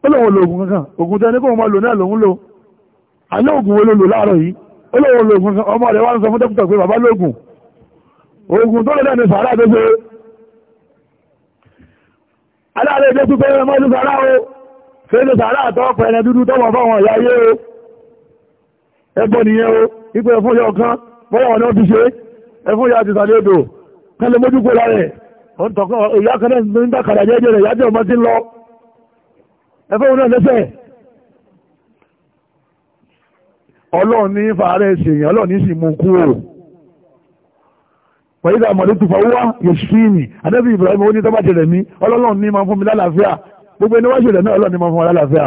ó lọ́wọ́ lo oògùn kankan oògùn tẹ́ ní kó máa lò náà lòun lò àlẹ́ oògùn olólò láàárọ̀ yìí ó lọ́wọ́ lo oògùn kankan ọmọ rẹ̀ wá sọ fún dọ́kítọ̀ pé bàbá lóògùn oògùn tó lọ́dà aláàrẹ ilé tó fẹ́rẹ mọ́ o fẹ́lú sàárà àtọ́ pẹ̀lẹ̀ dúdú tọ́wọ̀ fọ́wọ̀n ìyá ayé o ẹgbọ́ nìyẹn o ipò ẹ̀fún yọ kan fọ́wọ̀n náà ti ṣe ẹ̀fún yà ti sàlẹ̀ odò kẹlẹ̀ mójú kó lára ẹ̀ ọ̀n tọ̀kọ́ ìyá kan náà ń dàkàrà jẹ́jẹ́ rẹ̀ ọlọ́ọ̀ni fàárẹ̀ ṣèyàn ọlọ́ọ̀ni sì mú kú o wàyídà àmọ̀dé tó fàwọ́ yẹ̀sùfíìnì adébí ibrahim ó ní tọ́ba tẹ̀lẹ̀ mí ọlọ́run ní máa fún mi lálàáfíà gbogbo ẹni wá ṣẹlẹ̀ náà ọlọ́run ní máa fún wa lálàáfíà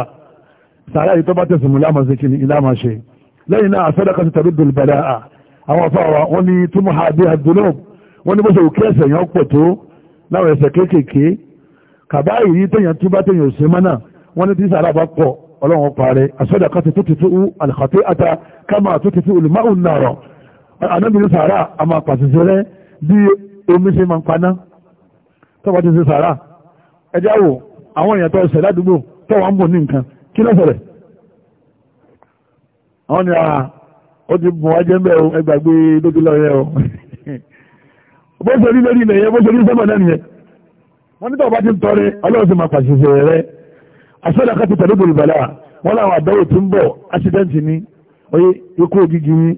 sàárà yìí tọ́ba tẹ̀sùn mú láàmà ṣe kí ni ìlàmà ṣe lẹ́yìn náà sàdákà ti tàbí dòlù bàdà à àwọn afáwa wọn ni túmọ̀ àdé àdúlọ́ọ̀ wọn ni bó ṣe òkè ẹ̀ṣẹ̀ yẹn pọ̀ tó láwọn ẹ̀ṣẹ̀ kéékèèké kàbáyì yìí tẹ̀yàn tún bá tẹ̀yàn òsè mọ́nà wọn ni tí sàárà bá pọ̀ ọlọ́run parẹ́ àsọdàkà ti tó ti tó àlùkàtẹ́ ata ká máa tó ti tó olùmáwùn nàrọ̀ ànábìrin sàárà a máa pàṣẹ bí omi ṣe máa ń paná tọ́wọ́ ti ṣe sàrà ẹjá wò àwọn èèyàn tó ṣẹ̀ ládùúgbò tọ́wọ́ ń bò ní nǹkan kí ló ṣẹlẹ̀ àwọn ni ó ti bùn wá jẹ́ ń bẹ̀ o ẹ gbàgbé lójúlọ yẹ o bó ṣe rí lórí ilẹ̀ yẹn bó ṣe rí sọ́mọ̀ náà nìyẹn wọ́n ní tọ́wọ́ bá ti ń tọrẹ ọlọ́run sì máa pàṣẹ rẹ àṣọ́dà ká ti tẹ̀lé bòlùbàlà wọ́n láwọn àdáwò tó ń bọ̀ accident ni oye ikú òjijì ni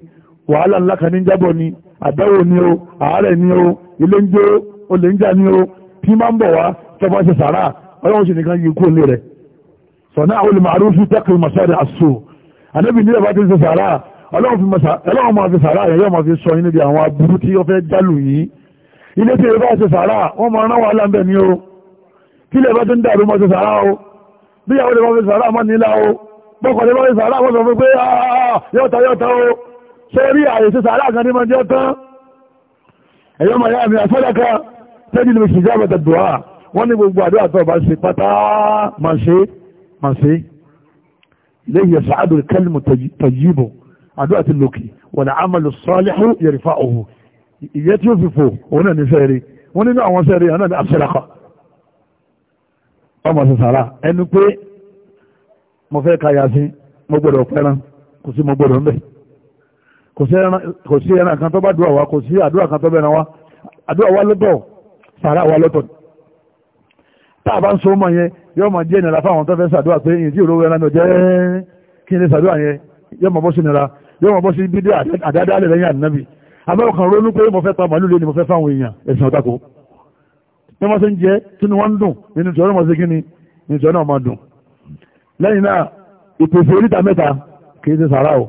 wàhálà ńlá kan ní jábọ̀ ni àdáwò ni o àárẹ̀ ni o ilé ń jó olè ń jà ni o tí máa ń bọ̀ wá tọ́ba ṣe sàrà ọlọ́run ṣe nìkan yìí kú ní rẹ̀ sọ̀nà àwọn olùmọ̀ọ́rù fi tẹ́kùn mọ̀ṣẹ́rẹ̀ àṣù ànábì nílẹ̀ bá ti ṣe sàrà ọlọ́run máa fi sàrà yẹn yóò máa fi sọ yín níbi àwọn aburú tí ó fẹ́ jálù yìí ilé tí ìrẹ́bá ṣe sàrà wọ́n máa rán wàhálà ń bẹ̀ ni o kí ilé ìbá tó ń dàrú mọ́ ṣe sàrà o bí ìyàwó lè bá fi sàrà mọ́ nílá o bọ́kọ̀ lè bá fi sàrà mọ́ sọ fún pé yọ̀ọ̀ta yọ̀ọ̀ta o sẹ́rí àyè sí sàárà kan ní mọ́jọ́ tán ẹ̀yọ́ máa yá mi àfẹ́lẹ́ka tẹ́jú ní ṣìjá àbẹ̀tẹ̀ dùá wọ́n ní gbogbo àdúrà tó bá ṣe pátá máa ṣe máa ṣe lẹ́yìn ẹ̀sà àdùrẹ̀ kẹ́lìmù tọ̀yìbò àdúrà ti lòkì wọ́n ní àmàlù sọ́ọ́lẹ́hù yẹ̀rìfà òhù ìyẹ́ tí ó fi fò òun náà ní sẹ́rí wọ́n mo fẹ́ ka yà sí mo gbọ́dọ̀ pẹ́ràn kò sí mo gbọ́dọ̀ ń kò sí ẹran kan tó bá dùn àwa kò sí àdúrà kan tó bẹ̀rẹ̀ wa àdúrà wa lọ́tọ̀ sàrà wa lọ́tọ̀ tá a bá ń so mọ̀ yẹn yóò máa jẹ́ ìnira fáwọn tó fẹ́ sàdúrà pé ìyìn tí ìró ẹran náà jẹ́ kí ni sàdúrà yẹn yóò máa bọ́ sí ìnira yóò máa bọ́ sí bídí àdáadáa lè lẹ́yìn ànábì abẹ́wò kan ronú pé mo fẹ́ pa màálù lé ni mo fẹ́ fáwọn èèyàn ẹ̀sìn ọ̀tàkó bí wọ́n ṣe ń jẹ́ tí wọ́n dùn nínú ìjọ náà ṣe kí ni ìjọ náà máa dùn lẹ́yìn náà ìpèsè oríta mẹ́ta kì í ṣe sàrà o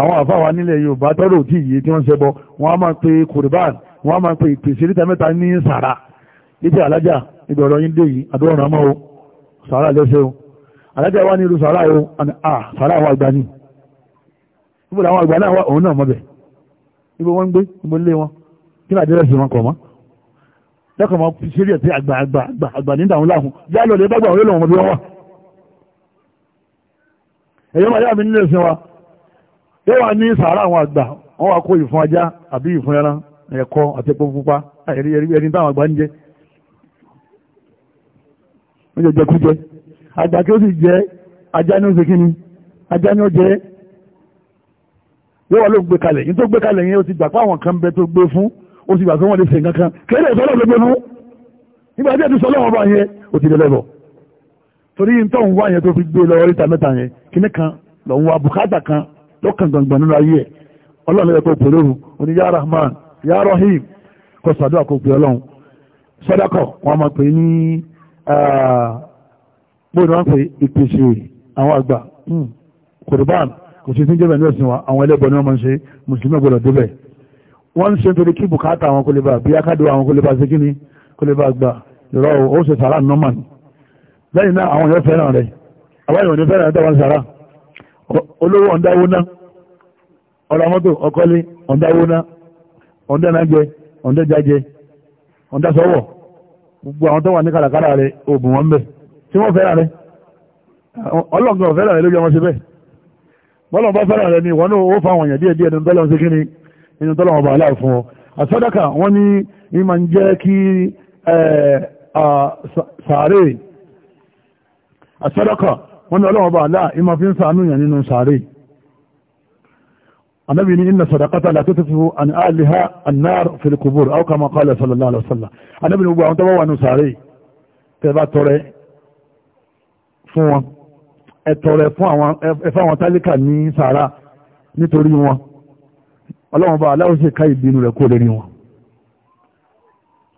àwọn àfáwà nílẹ̀ yorùbá tọ́rọ òtí yìí tí wọ́n ṣe bọ́ wọ́n á máa pe kùrìbán wọ́n á máa pe ìpèsè níta mẹ́ta ní sàrà títí alájà ibi ọ̀rọ̀ yín dé yìí àdúrà ọ̀nàmọ́ o sàrà lẹ́sẹ̀ o alájà wà ní irú sàrà o sàrà àwọn àgbà ni ibo làwọn àgbà náà wà òun náà mọ́bẹ̀ ibo wọ́n ń gbé ibo lé wọn kí ni àdírẹ́sì wọn kọ̀ mọ́ lẹ́kọ̀ọ́ yóò wá ní sàárà àwọn àgbà wọ́n wá kó ìfun ajá àbí ìfun ẹran ẹ̀kọ́ àti epo pupa ẹni táwọn àgbà ń jẹ wọ́n jẹ jẹkújẹ àgbà kí ó sì jẹ ajá ní oṣù kínní ajá ní ó jẹ yóò wá ló gbé kalẹ̀ yìí tó gbé kalẹ̀ yẹn ó ti gbà pé àwọn kan bẹ tó gbé fún ó ti gbà pé wọ́n lè ṣe kan kéde ìsọ́lọ́ ló gbé fún nígbà tí ẹ̀dùn sọ́lọ́ bá yẹn ó ti lẹ́lẹ́bọ̀ torí yìí tó ń wá yẹn tó fi gbé lọ oríta mẹ́ta yẹn kíní kan lọ ń kan lọ́kàn gbangba nínú ayé ẹ̀ ọlọ́run lẹ́yìn kò pè lóru yá rahman yá rahim kò sàdúrà kò pè ọlọ́run sọ́dákọ̀ wọn máa pè ní ah, bóyá wọn pè ìpèsè àwọn àgbà hmm. kùrùbán kò sí síjẹ́ bẹ̀rẹ̀ ẹ̀sìn wa àwọn ẹlẹ́bọn ni wọ́n máa ń ṣe mùsùlùmí gbọ́dọ̀ débẹ̀ wọ́n ń ṣe nítorí kí bùkátà àwọn kò lè bá bí akádò àwọn kò lè bá ṣe kíni kò lè bá gbà lọ́wọ́ ó ṣe sàrà nọ́mà lẹ́yìn náà àwọn èèyàn fẹ́ràn rẹ̀ àwọn èèyàn fẹ́ràn rẹ̀ dáwọn sàrà olówó ọ̀ndáwó ná ọ̀rọ̀ mọ́tò ọkọ́lé ọ̀ndáwó ná ọ̀ndẹ́nàjẹ ọ̀ndẹ́jàjẹ ọ̀ndásọ́wọ̀ gbogbo àwọn tó wà ní kàràkàrà rẹ̀ òògùn wọn bẹ̀ tí wọ́n fẹ́ràn rẹ̀ ọlọ́gbọ̀n fẹ́ràn rẹ̀ lójú ọmọ sí bẹ́ẹ̀ bọ́lọ̀ bá fẹ́ràn rẹ̀ ni wọ́n ní owó fáwọn èèyàn díẹ̀díẹ̀ ní tọ́lọ́ sí kíni inú tọ́lọ́ ọba aláà fún ọ àsọdọ́kà wọ́n ní ní máa ń jẹ́ kí sàárè àsọdọ́kà wọ́n ní ọlọ́wọ́ bá aláà ìmọ̀ fi ń sàánú yàn nínú sàárè anábì ní inna sadaqata la tutfi'u an ahliha an-nar fil qubur aw kama qala sallallahu alaihi wasallam anábì ní gbogbo àwọn tó wà nínú sàárè tẹ́ bá tọrẹ fún wọn ẹ tọrẹ fún àwọn ẹ fáwọn tálíkà ní sàárà nítorí wọn ọlọ́wọ́n bá aláwọ̀ sì ká ìbínú rẹ̀ kó lérí wọn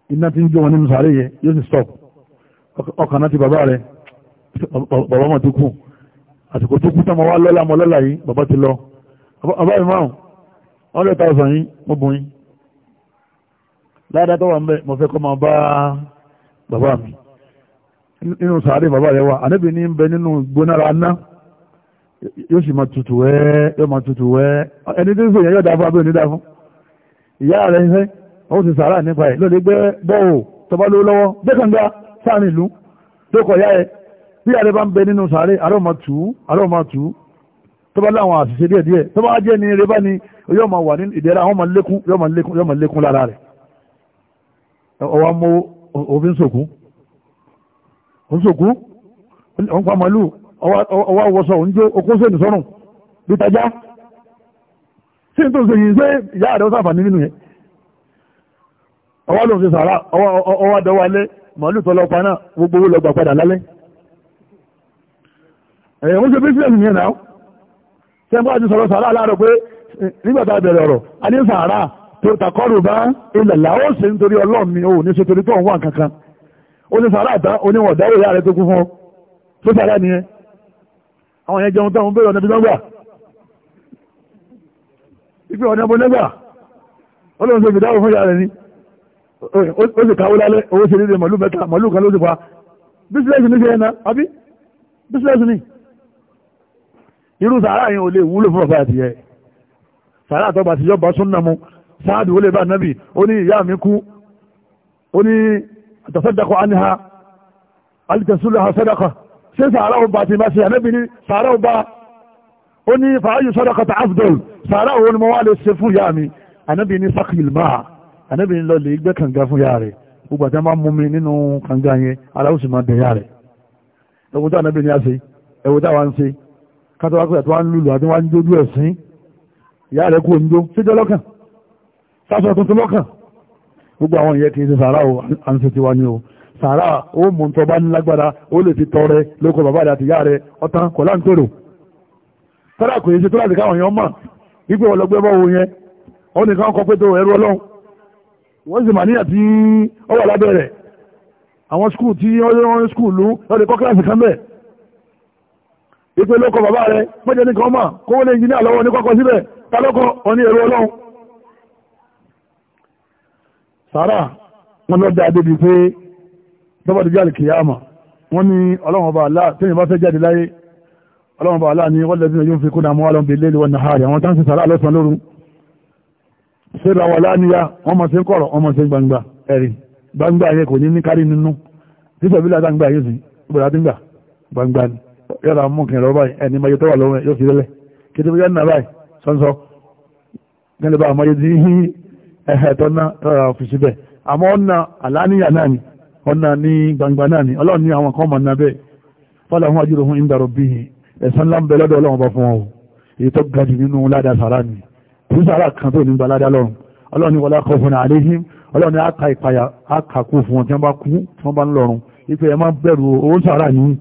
iná ti ń jó wọn nínú sàárè yẹ yóò sì stop ọkàn náà ti bàbá rẹ̀ bàbá mọ̀ tó kù àsìkò tó kú tọ́mọ wá lọ́la mọ́ lọ́la yìí bàbá ti lọ bàbá mi máa hundred thousand yìí mo bùn yín ládàá tó wà ń bẹ mo fẹ́ kọ́ máa bá bàbá mi nínú sàárè bàbá rẹ wà ànábì ní bẹ nínú gbónára ná yóò sì máa tutù wẹ́ yóò máa tutù wẹ́ ẹni tí ń sèyàn yóò dáfún abẹ́ òní dáfún ìyá rẹ ṣe ó ti sàárà nípa ẹ̀ lóde gbé bọ́ọ̀ tọba ló lọ́wọ́ gbé kànga sáàrin ìlú tó kọ̀ yá ẹ bí ààrẹ bá ń bẹ nínú sàárè àárọ̀ máa tù ú àárọ̀ máa tù ú tó bá láwọn àṣìṣe díẹ̀ díẹ̀ tó bá jẹ́ ní eré bá ní yóò máa wà ní ìdẹ́ra àwọn máa lékún yóò máa lékún yóò máa lékún lára rẹ̀ ọwọ́ mú òfin sòkú òun sòkú òun pa màálù ọwọ́ àwọsọ òun jó okó sóònù sọ́rùn bí tajá sí ní tó ń yìí pé ìyá rẹ̀ ó sàǹfààní nínú yẹn ọwọ́ ló ń ṣe sàrà ọwọ́ àdọ́wọ́ màálù tọ́lọ́pàá náà gbogbo owó lọ gbà padà lálẹ́ ẹ̀yẹ̀ wọ́n ṣe bísíẹ̀sì yẹn náà sẹ́ńpá àti sọ̀rọ̀ sàárà láàárọ̀ pé nígbàtà bẹ̀rẹ̀ ọ̀rọ̀ a ní sàárà tó takọ́rù bá ilẹ̀ làó ṣe nítorí ọlọ́run mi ò ní ṣe torí tó ń wà kankan ó ní sàárà tán oníwọ̀n dáwò ìyá rẹ̀ tó kú fún tó sàárà nìyẹn àwọn yẹn jẹun táwọn bẹ̀rẹ̀ ọ̀nà bí lọ́gbà ipe ọ̀nà bó lẹ́gbà ó lóun ṣe ìdáwò fún ìyá ni ó sì káwó lálẹ́ owó irú sàárà yẹn ò lè wúlò fún ọ̀fà àtìyẹ sàárà tọba àtijọ́ bá súnà mu sáàdù ó lè bá nábì ó ní ìyá mi kú ó ní àtàsọ́dàkọ̀ àníhà alìtẹ̀súlẹ̀ àsọ́dàkọ̀ ṣé sàárà ó bá ti bá ṣe ànábì ní sàárà ó bá ó ní fàáyù sọ́dàkọ̀ tà afdol sàárà ó ní mo wá lè ṣe fún ìyá mi ànábì ní sakil máa ànábì ní wa ń ṣe kátó wá pé àti wá ń lùlù àti wá ń jójú ẹ̀sìn ìyá rẹ̀ kú òǹjó ni o sàárà ó mú un tọba ní lágbára ó lè ti tọrẹ lóko bàbá rẹ àti ìyá rẹ ọtán kò láǹtòrò sára kò yẹ ṣe tó láti káwọn èèyàn mọ̀ wípé wọn lọgbẹ́ bọ́ wo yẹn ó nìkan kọ pé tó ẹrú ọlọ́run wọ́n sì mà níyà tí ó lábẹ́ ìpè lóko bàbá rẹ̀ pẹ́jẹ́ ní kan máa kówó lè jìnnà lọ́wọ́ ní kọ́kọ́ síbẹ̀ tálọ́kọ́ ọ̀ní ẹ̀rọ ọlọ́run sàárà wọn lọ́dá débi pé tọ́bọ̀dé jáde kìyàmà wọ́n ní ọlọ́run ọba aláà tí ìyẹn bá fẹ́ jáde láyé ọlọ́run ọba aláà ní wọ́n lẹ́bí yóò fi kúnnà mọ́ ọlọ́run bèlè wọn nà hàrì àwọn táǹsì sàárà lọ́sàn lóru síra wà láníyà wọ́n mọ̀ yọ́ra mú kí ẹ̀rọ báyìí ẹni mọ́yé tó wà lọ́wọ́ yóò fi lẹ́lẹ̀ kí tí wọ́n náà báyìí sọ́nsọ́ gẹ́lẹ́ bá àmọ́yé tí hí ẹ̀hẹ́ tó ná tọ́ra ọ́fíìsì bẹ̀ àmọ́ ọ̀nà àlàníyà náà ni ọ̀nà ní gbangba náà ni ọlọ́run ní àwọn kan mọ̀ náà bẹ́ẹ̀ fọ́lá wọn ajúrò fún ìgbàrò bí i ẹ̀sán ńlá ń bẹ lọ́dọ̀ ọlọ́run bá fún wọn o èyí tó ga jù nínú ládàá sàrà ni tí sàrà kan tó ní gba ládàá lọ́run ọlọ́run ní wọlé akọ̀fún náà àléhìm ọlọ́run ní àkà ìpayà àkàkù fún wọn tí wọ́n bá kú tí wọ́n bá ń bẹ̀rù owó sàrà yìí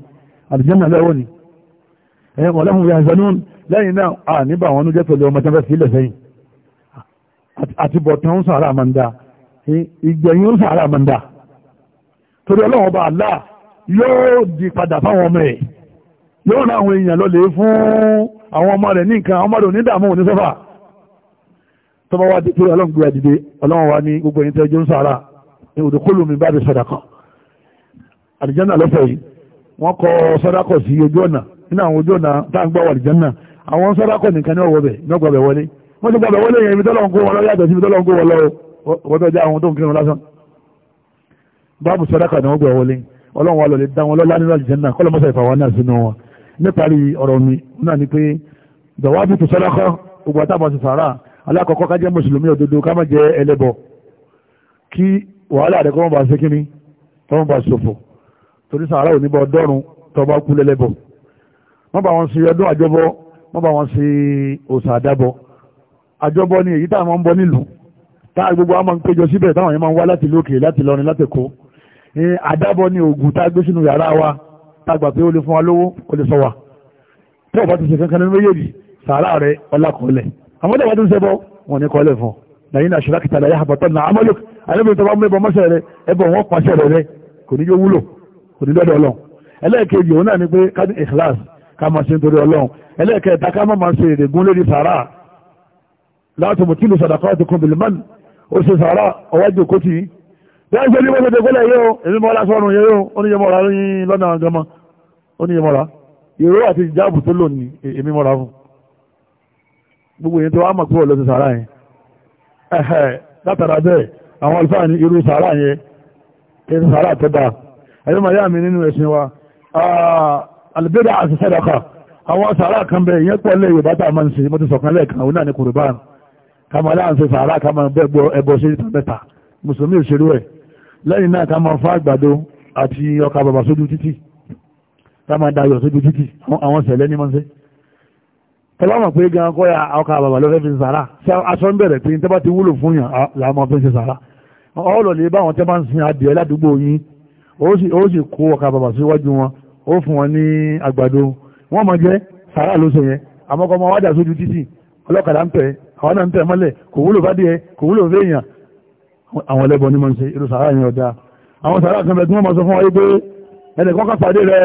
àdìjẹ́nà lẹ́wọ́ ni ẹ̀yẹ́ wọn lẹ́hùn yàzánú lẹ́yìn náà à níbà wọn jẹ́ pẹ̀lú ọmọ tẹ́fẹ́ sílẹ̀ sẹ́yìn àti bọ̀tán ń sàárà máa ń da ìgbẹ̀yìn ń sàárà máa ń da torí ọlọ́wọ́ bá àlá yóò di padà fáwọn ọmọ ẹ̀ yóò rán àwọn èèyàn lọlé fún àwọn ọmọ rẹ̀ ní nǹkan ọmọ rẹ̀ onídààmú òní sọ́fà tọ́ba wá di torí ọlọ́run gbéra dìde ọlọ́run wá ní gbogbo ẹ̀yìn tẹ́jọ́ ń sàárà ní òdòkólùmí bá di sọ̀dà kan àdìjẹ́nà lọ́fẹ̀ẹ́ yìí wọ́n kọ sọ́dákọ̀ sí ojú ọ̀nà nínú àwọn ojú ọ̀nà tá à ń gbọ́ wà lìjẹ́ náà àwọn sọ́dákọ̀ nìkan ní ọ̀wọ́ bẹ̀ nígbà bẹ̀ wọlé wọ́n ti gbàgbẹ́ wọlé yẹn ibi tọ́lọ́ ń kó wọn lọ yàtọ̀ sí ibi tọ́lọ́ ń kó wọn lọ ọ̀pọ̀tọ̀ já àwọn tó ń kírun lásán báàbù sọ́dákọ̀ ni wọ́n gbà wọlé ọlọ́run wa lọ lè dá wọn lọ́lá nínú àlìjẹ́ náà ni pé dọ̀wábì torí sàárà ò ní bọ́ ọdọ́run tọba kú lẹ́lẹ́bọ̀ wọ́n bá wọn sí ọdún àjọbọ wọ́n bá wọn sí òsà àdábọ àjọbọ ni èyí táwọn ń bọ nílùú táà gbogbo àwọn máa ń péjọ síbẹ̀ táwọn yẹn máa ń wá láti lókè láti lọrin láti kó àdábọ ni oògùn tá a gbé sínú yàrá wa tá a gbà pé ó lè fún wa lówó ó lè sọ wa tí ọba ti ṣe kankan nínú méjèèjì sàárà rẹ ọlákọọlẹ àwọn ọdẹ wa tó ń ṣẹbọ wọn ní kọlẹ fún lẹ́yìn kò ní lọ́dọ̀ ọlọ́run ẹlẹ́ẹ̀kejì òun náà ni pé ká ní ìkìláàsì ká máa ṣe nítorí ọlọ́run ẹlẹ́ẹ̀kẹta ká máa ṣe èrègún lórí sàárà láti mú kílù sàdàkọ́ ti kún bìlìmán ó ṣe sàárà ọwájú kòtì bẹ́ẹ̀ ṣe ní wọ́n ṣe gbọ́lẹ̀ yóò èmi mọ́ra sọ́run yóò oníyẹmọ́ra lọ́nà àjọmọ́ oníyẹmọ́ra ìró àti ìjáàbù tó lò ní èmi mọ́ra fún gbogbo èyí tó wá mọ̀ pé ọ̀lọ́sẹ̀ sàárà yẹn látara bẹ́ẹ̀ àwọn alfáà ní irú sàárà yẹn kí sàárà tó dáa ẹ̀yọ́ màá yá mi nínú ẹ̀sìn wa àlùbẹ́dà àti sàdákà àwọn sàárà kan bẹ ìyẹn pọ̀ lẹ́yìn bá tá a máa ń ṣe mo ti sọ̀kan lẹ́ẹ̀kan òun náà ni kùrùbán ká máa láǹṣe sàárà ká máa bẹ́ gbọ́ ẹbọ sí ìta mẹ́ta mùsùlùmí òṣèlú ẹ̀ lẹ́yìn náà ká máa fá àgbàdo àti ọkà bàbà sójú títì ká máa dayọ̀ sójú títì àwọn sẹ̀lẹ̀ ní máa ń ṣe tọ́lámọ̀ pé gan kọ́ ya ọkà àbàbà lọ́fẹ́ fi sàárà tí aṣọ ń bẹ̀rẹ̀ pé tẹ́bá ti wúlò fún yàn làwọn fi ń ṣe sàárà ọlọ́lẹ̀ bá àwọn tẹ́bá ń sin adìẹ ládùúgbò yín ó sì kó ọkà bàbà síwájú wọn ó fún wọn ní àgbàdo wọ́n mọ̀ jẹ́ sàrà ló sọ yẹn àmọ́kọ́ ọmọ wájà sójú títì ọlọ́kadà ń tẹ̀ àwọn náà ń tẹ̀ mọ́lẹ̀ kò wúlò bá díẹ̀ kò wúlò fẹ́yàn àwọn ẹlẹ́bọn ní mọ̀ ń ṣe irú sàrà yẹn ọ̀dà àwọn sàrà kan bẹ̀ tí wọ́n mọ̀ sọ fún pé ẹnì pàdé rẹ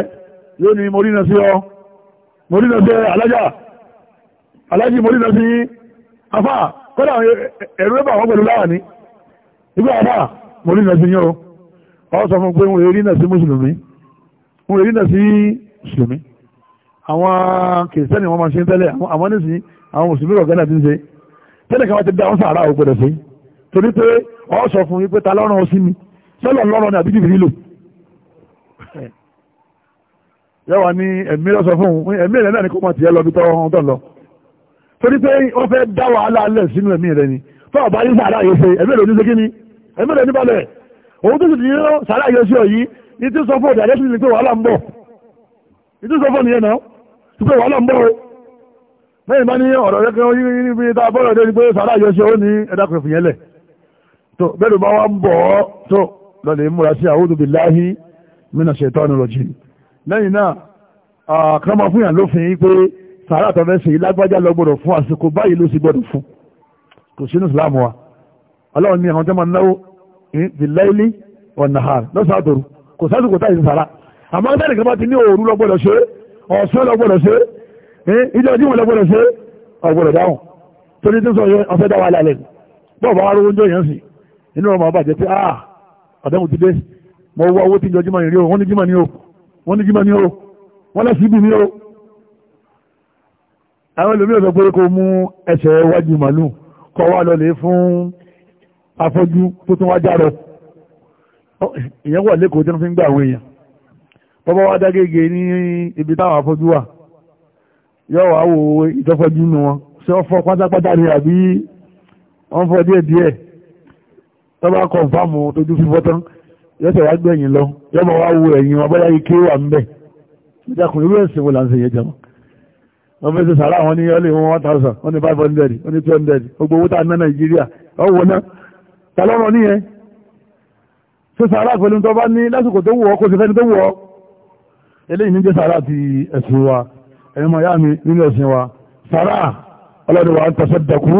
yóò ní sí ọ sí alájà alájì ọ sọ fún pé wọn èrí náà sí mùsùlùmí wọn èrí náà sí mùsùlùmí àwọn kìrìsìtẹ́nì wọn máa ṣe ń tẹ́lẹ̀ àwọn nísìnyí àwọn mùsùlùmí rọ̀ gánà ti ń ṣe tẹ́lẹ̀ kan wá ti dá wọn sàárà ò gbọdọ̀ sí torí pé ọ sọ fún yín pé ta lọ́rùn ọ sí mi sọ́lọ̀ lọ́rùn ni àbí jìbìrì lò ní ẹ̀mí lọ fún un ẹ̀mí rẹ̀ náà ni kó máa tiẹ̀ lọ bí tọ́ lọ torí pé wọ́n fẹ́ dá wàhálà lẹ̀ sínú ẹ̀mí rẹ̀ ni tọ́ ọ̀bá yín sàárà yóò ṣe ẹ̀mí rẹ̀ ní ṣe kí ni ẹ̀mí rẹ̀ níbalẹ̀ òun tó sì ti yíyọ́ sàrà yọ sí ọ̀yí ní tí sọ fún ọ̀dàdẹ́sì ní pé wàhálà ń bọ̀ ní tí sọ fún ìyẹn náà ti pé wàhálà ń bọ̀ o lẹ́yìn bá ní ọ̀rọ̀ rẹ kan yí níbi tá a ni pé sàrà yọ billahi mina shaytani rajim lẹ́yìn náà àkàràmọ́ fún yàn lófin yí pé sàrà àtọ̀fẹ́sì lágbájá lọ gbọ́dọ̀ fún àsìkò báyìí ló sì gbọ́dọ̀ fún kò sínú ìsìlámù ìlẹ́lí hmm? ọ̀nàhà lọ́sàtòrò kò sásìkò táyì ń sàrà àmọ́ sẹ́ni kan bá ti ní òru lọ́gbọ́dọ̀ ṣe ọ̀sán lọ́gbọ́dọ̀ ṣe ilé hmm? ọdún wọn lọ́gbọ́dọ̀ ṣe ọ̀gbọ́dọ̀ dáhùn torí tí ń sọ yẹn ọ̀fẹ́ dá wa lálẹ́ bọ́ọ̀ bá wá rówó ah ọ̀dẹ́hùn ti dé mo wá owó tí ń jọ jímọ̀ ìrí o wọ́n ní jímọ̀ ní o wọ́n ní jímọ̀ ní o afọ́jú tó tún wá járọ ìyẹn wà lẹ́kọ̀ọ́ tí wọ́n fi ń gbà àwọn èèyàn bọ́bá wá dágége ní ibi táwọn afọ́jú wà yóò wá wo ìtọ́fọ́jú nù wọn ṣé wọ́n fọ́ pátápátá ni àbí wọ́n fọ́ díẹ̀ díẹ̀ tó bá kọ̀ǹfàmù tójú fífọ́ tán yóò tẹ̀ wá gbẹ̀yìn lọ yóò máa wá wo ẹ̀yìn wọn bóyá ike wà ń bẹ̀ ìjàkùn irú ẹ̀sìn wo là ń ṣe yẹn jẹun wọ́n fẹ́ ṣe sàrà wọn ní ọlẹ́ wọn one thousand wọ́n ní five hundred wọ́n ní two hundred gbogbo owó tá a ná Nàìjíríà ọ̀wọ́ náà tàlọ́rọ̀ ní ẹ ṣe sàárà pẹ̀lú tó bá ní lásìkò tó wọ́ kó ṣe fẹ́ni tó wọ́ eléyìí ní jẹ́ sàárà ti ẹ̀sìn wa ẹ̀yìn mọ̀ yá mi nínú ẹ̀sìn wa sàárà ọlọ́dún wa ń tọ́sẹ̀ dẹ̀kú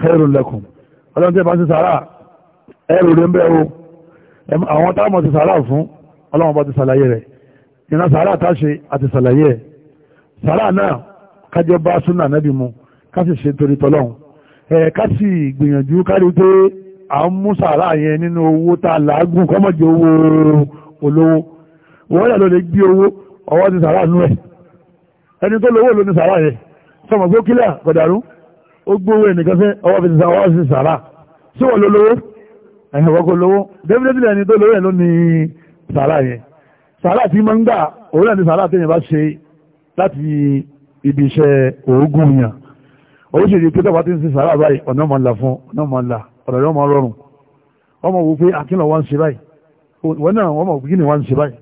kẹrù lẹ́kùn ọlọ́dún tẹ́ bá ti sàárà ẹrù rẹ̀ ń bẹ́ o àwọn táwọn ti sàárà fún ọlọ́wọ́n bá ti sàlàyé rẹ̀ ìran sàárà tá ṣe àti sàlàyé sàárà náà à ń mú sàárà yẹn nínú owó tá a làágùn kọ́mọ̀jẹ́ owó olówó wọ́n yà ló lè gbé owó ọwọ́ ti sàárà nú ẹ̀ ẹni tó lówó ló ní sàárà yẹn sọmọ pé ó kílẹ̀ kọ̀dàrú ó gbówó ẹnìkan fẹ́ ọwọ́ fi ti sàárà ọwọ́ ti sàárà sí wọn ló lówó ẹ̀yìn wọ́n kò lówó dẹ́bídẹ́bí ẹni tó lówó yẹn ló ní sàárà yẹn sàárà tí máa ń gbà òun náà ní sàárà téèyàn bá ṣe láti ibi iṣẹ́ òógùn yàn òun pé tọ́ba ti ń sin sàárà báyìí ọ̀nà mọ̀ ọ̀rọ̀ yóò máa rọrùn wọ́n mọ̀ wò pé akínlọ̀ ah, wá ń ṣe báyìí wọ́n náà wọ́n mọ̀ wò kíni wá ń ṣe báyìí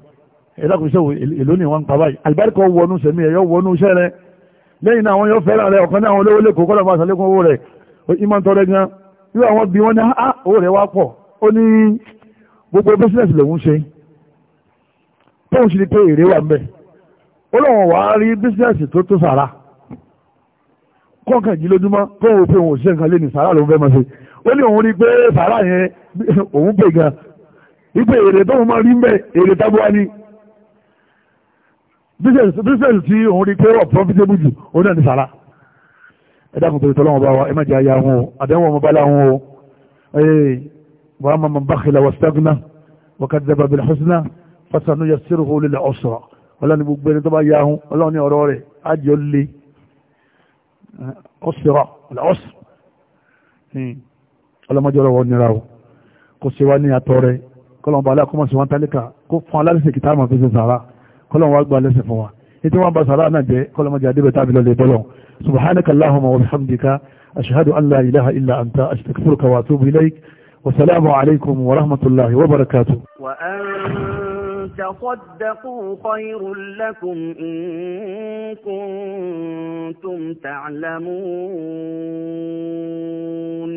ẹ̀dá kò sẹ́wò èló ni wọ́n ń pa báyìí àlùbáríkà wọnú sẹ́mi ẹ̀yọ́ wọnú iṣẹ́ rẹ lẹ́yìn náà wọ́n yọ fẹ́ràn rẹ ọ̀kan náà wọ́n lówó lẹ́kọ̀ọ́ kọ́lá máa sàlékún owó rẹ̀ ìmọ̀ ń tọrẹ gan irú àwọn bí wọ́n ní á ah, ah, owó rẹ̀ wá pọ̀ ó ní gbogbo bísíǹsì lòun ṣe tóun sì ni pé èrè wà ń bẹ̀ ó lọ́wọ́n wá rí bísíǹsì tó tó sàrà kọ́ńkàn jí lójúmọ́ kóun ò pé òun òṣìṣẹ́ nǹkan lé ní sàrà lòun fẹ́ máa ṣe ó ní òun rí pé sàárà yẹn òun pè gan ipe èrè tóun máa rí mbẹ èrè tábúwá ni bísẹ̀lì tí òun rí pé profitable jù òun náà ní sàárà ẹ dákun torí tọ́lọ́wọ́n bá wa ẹ má jẹ́ aya wọn o àdéhùn ọmọ bá láwọn o ee wàá máa máa bá kìlà wà stagnant wakadaba bil husna fasanu yasiruhu lil usra ọlọ́ni gbogbo ẹni tó bá yahun ọlọ́ni ọ̀rọ̀ rẹ̀ ájọ lé ọ̀sọ̀rọ̀ ọ̀sọ̀rọ̀ ọlọ́mọjọ́ lọ́wọ́ nira o kò ṣe wá ní atọ́ rẹ kọ́lọ́n bá aláàkọ́mọ̀ sí wọn tálíkà kó fún alálẹ́sẹ̀ kìtà àmọ́ fífi sàrà kọ́lọ́n wá gba lẹ́sẹ̀ fún wa ètò wọn bá sàrà náà jẹ́ kọ́lọ́mọjọ́ adébẹ̀ tàbí lọ́lẹ̀ bọ́lọ̀ subhanaka allahumma wa bihamdika ashhadu an la ilaha illa anta astaghfiruka wa atubu ilaik wa salaamu alaykum wa rahmatullahi wa barakatuh wa تصدقوا خير لكم إن كنتم تعلمون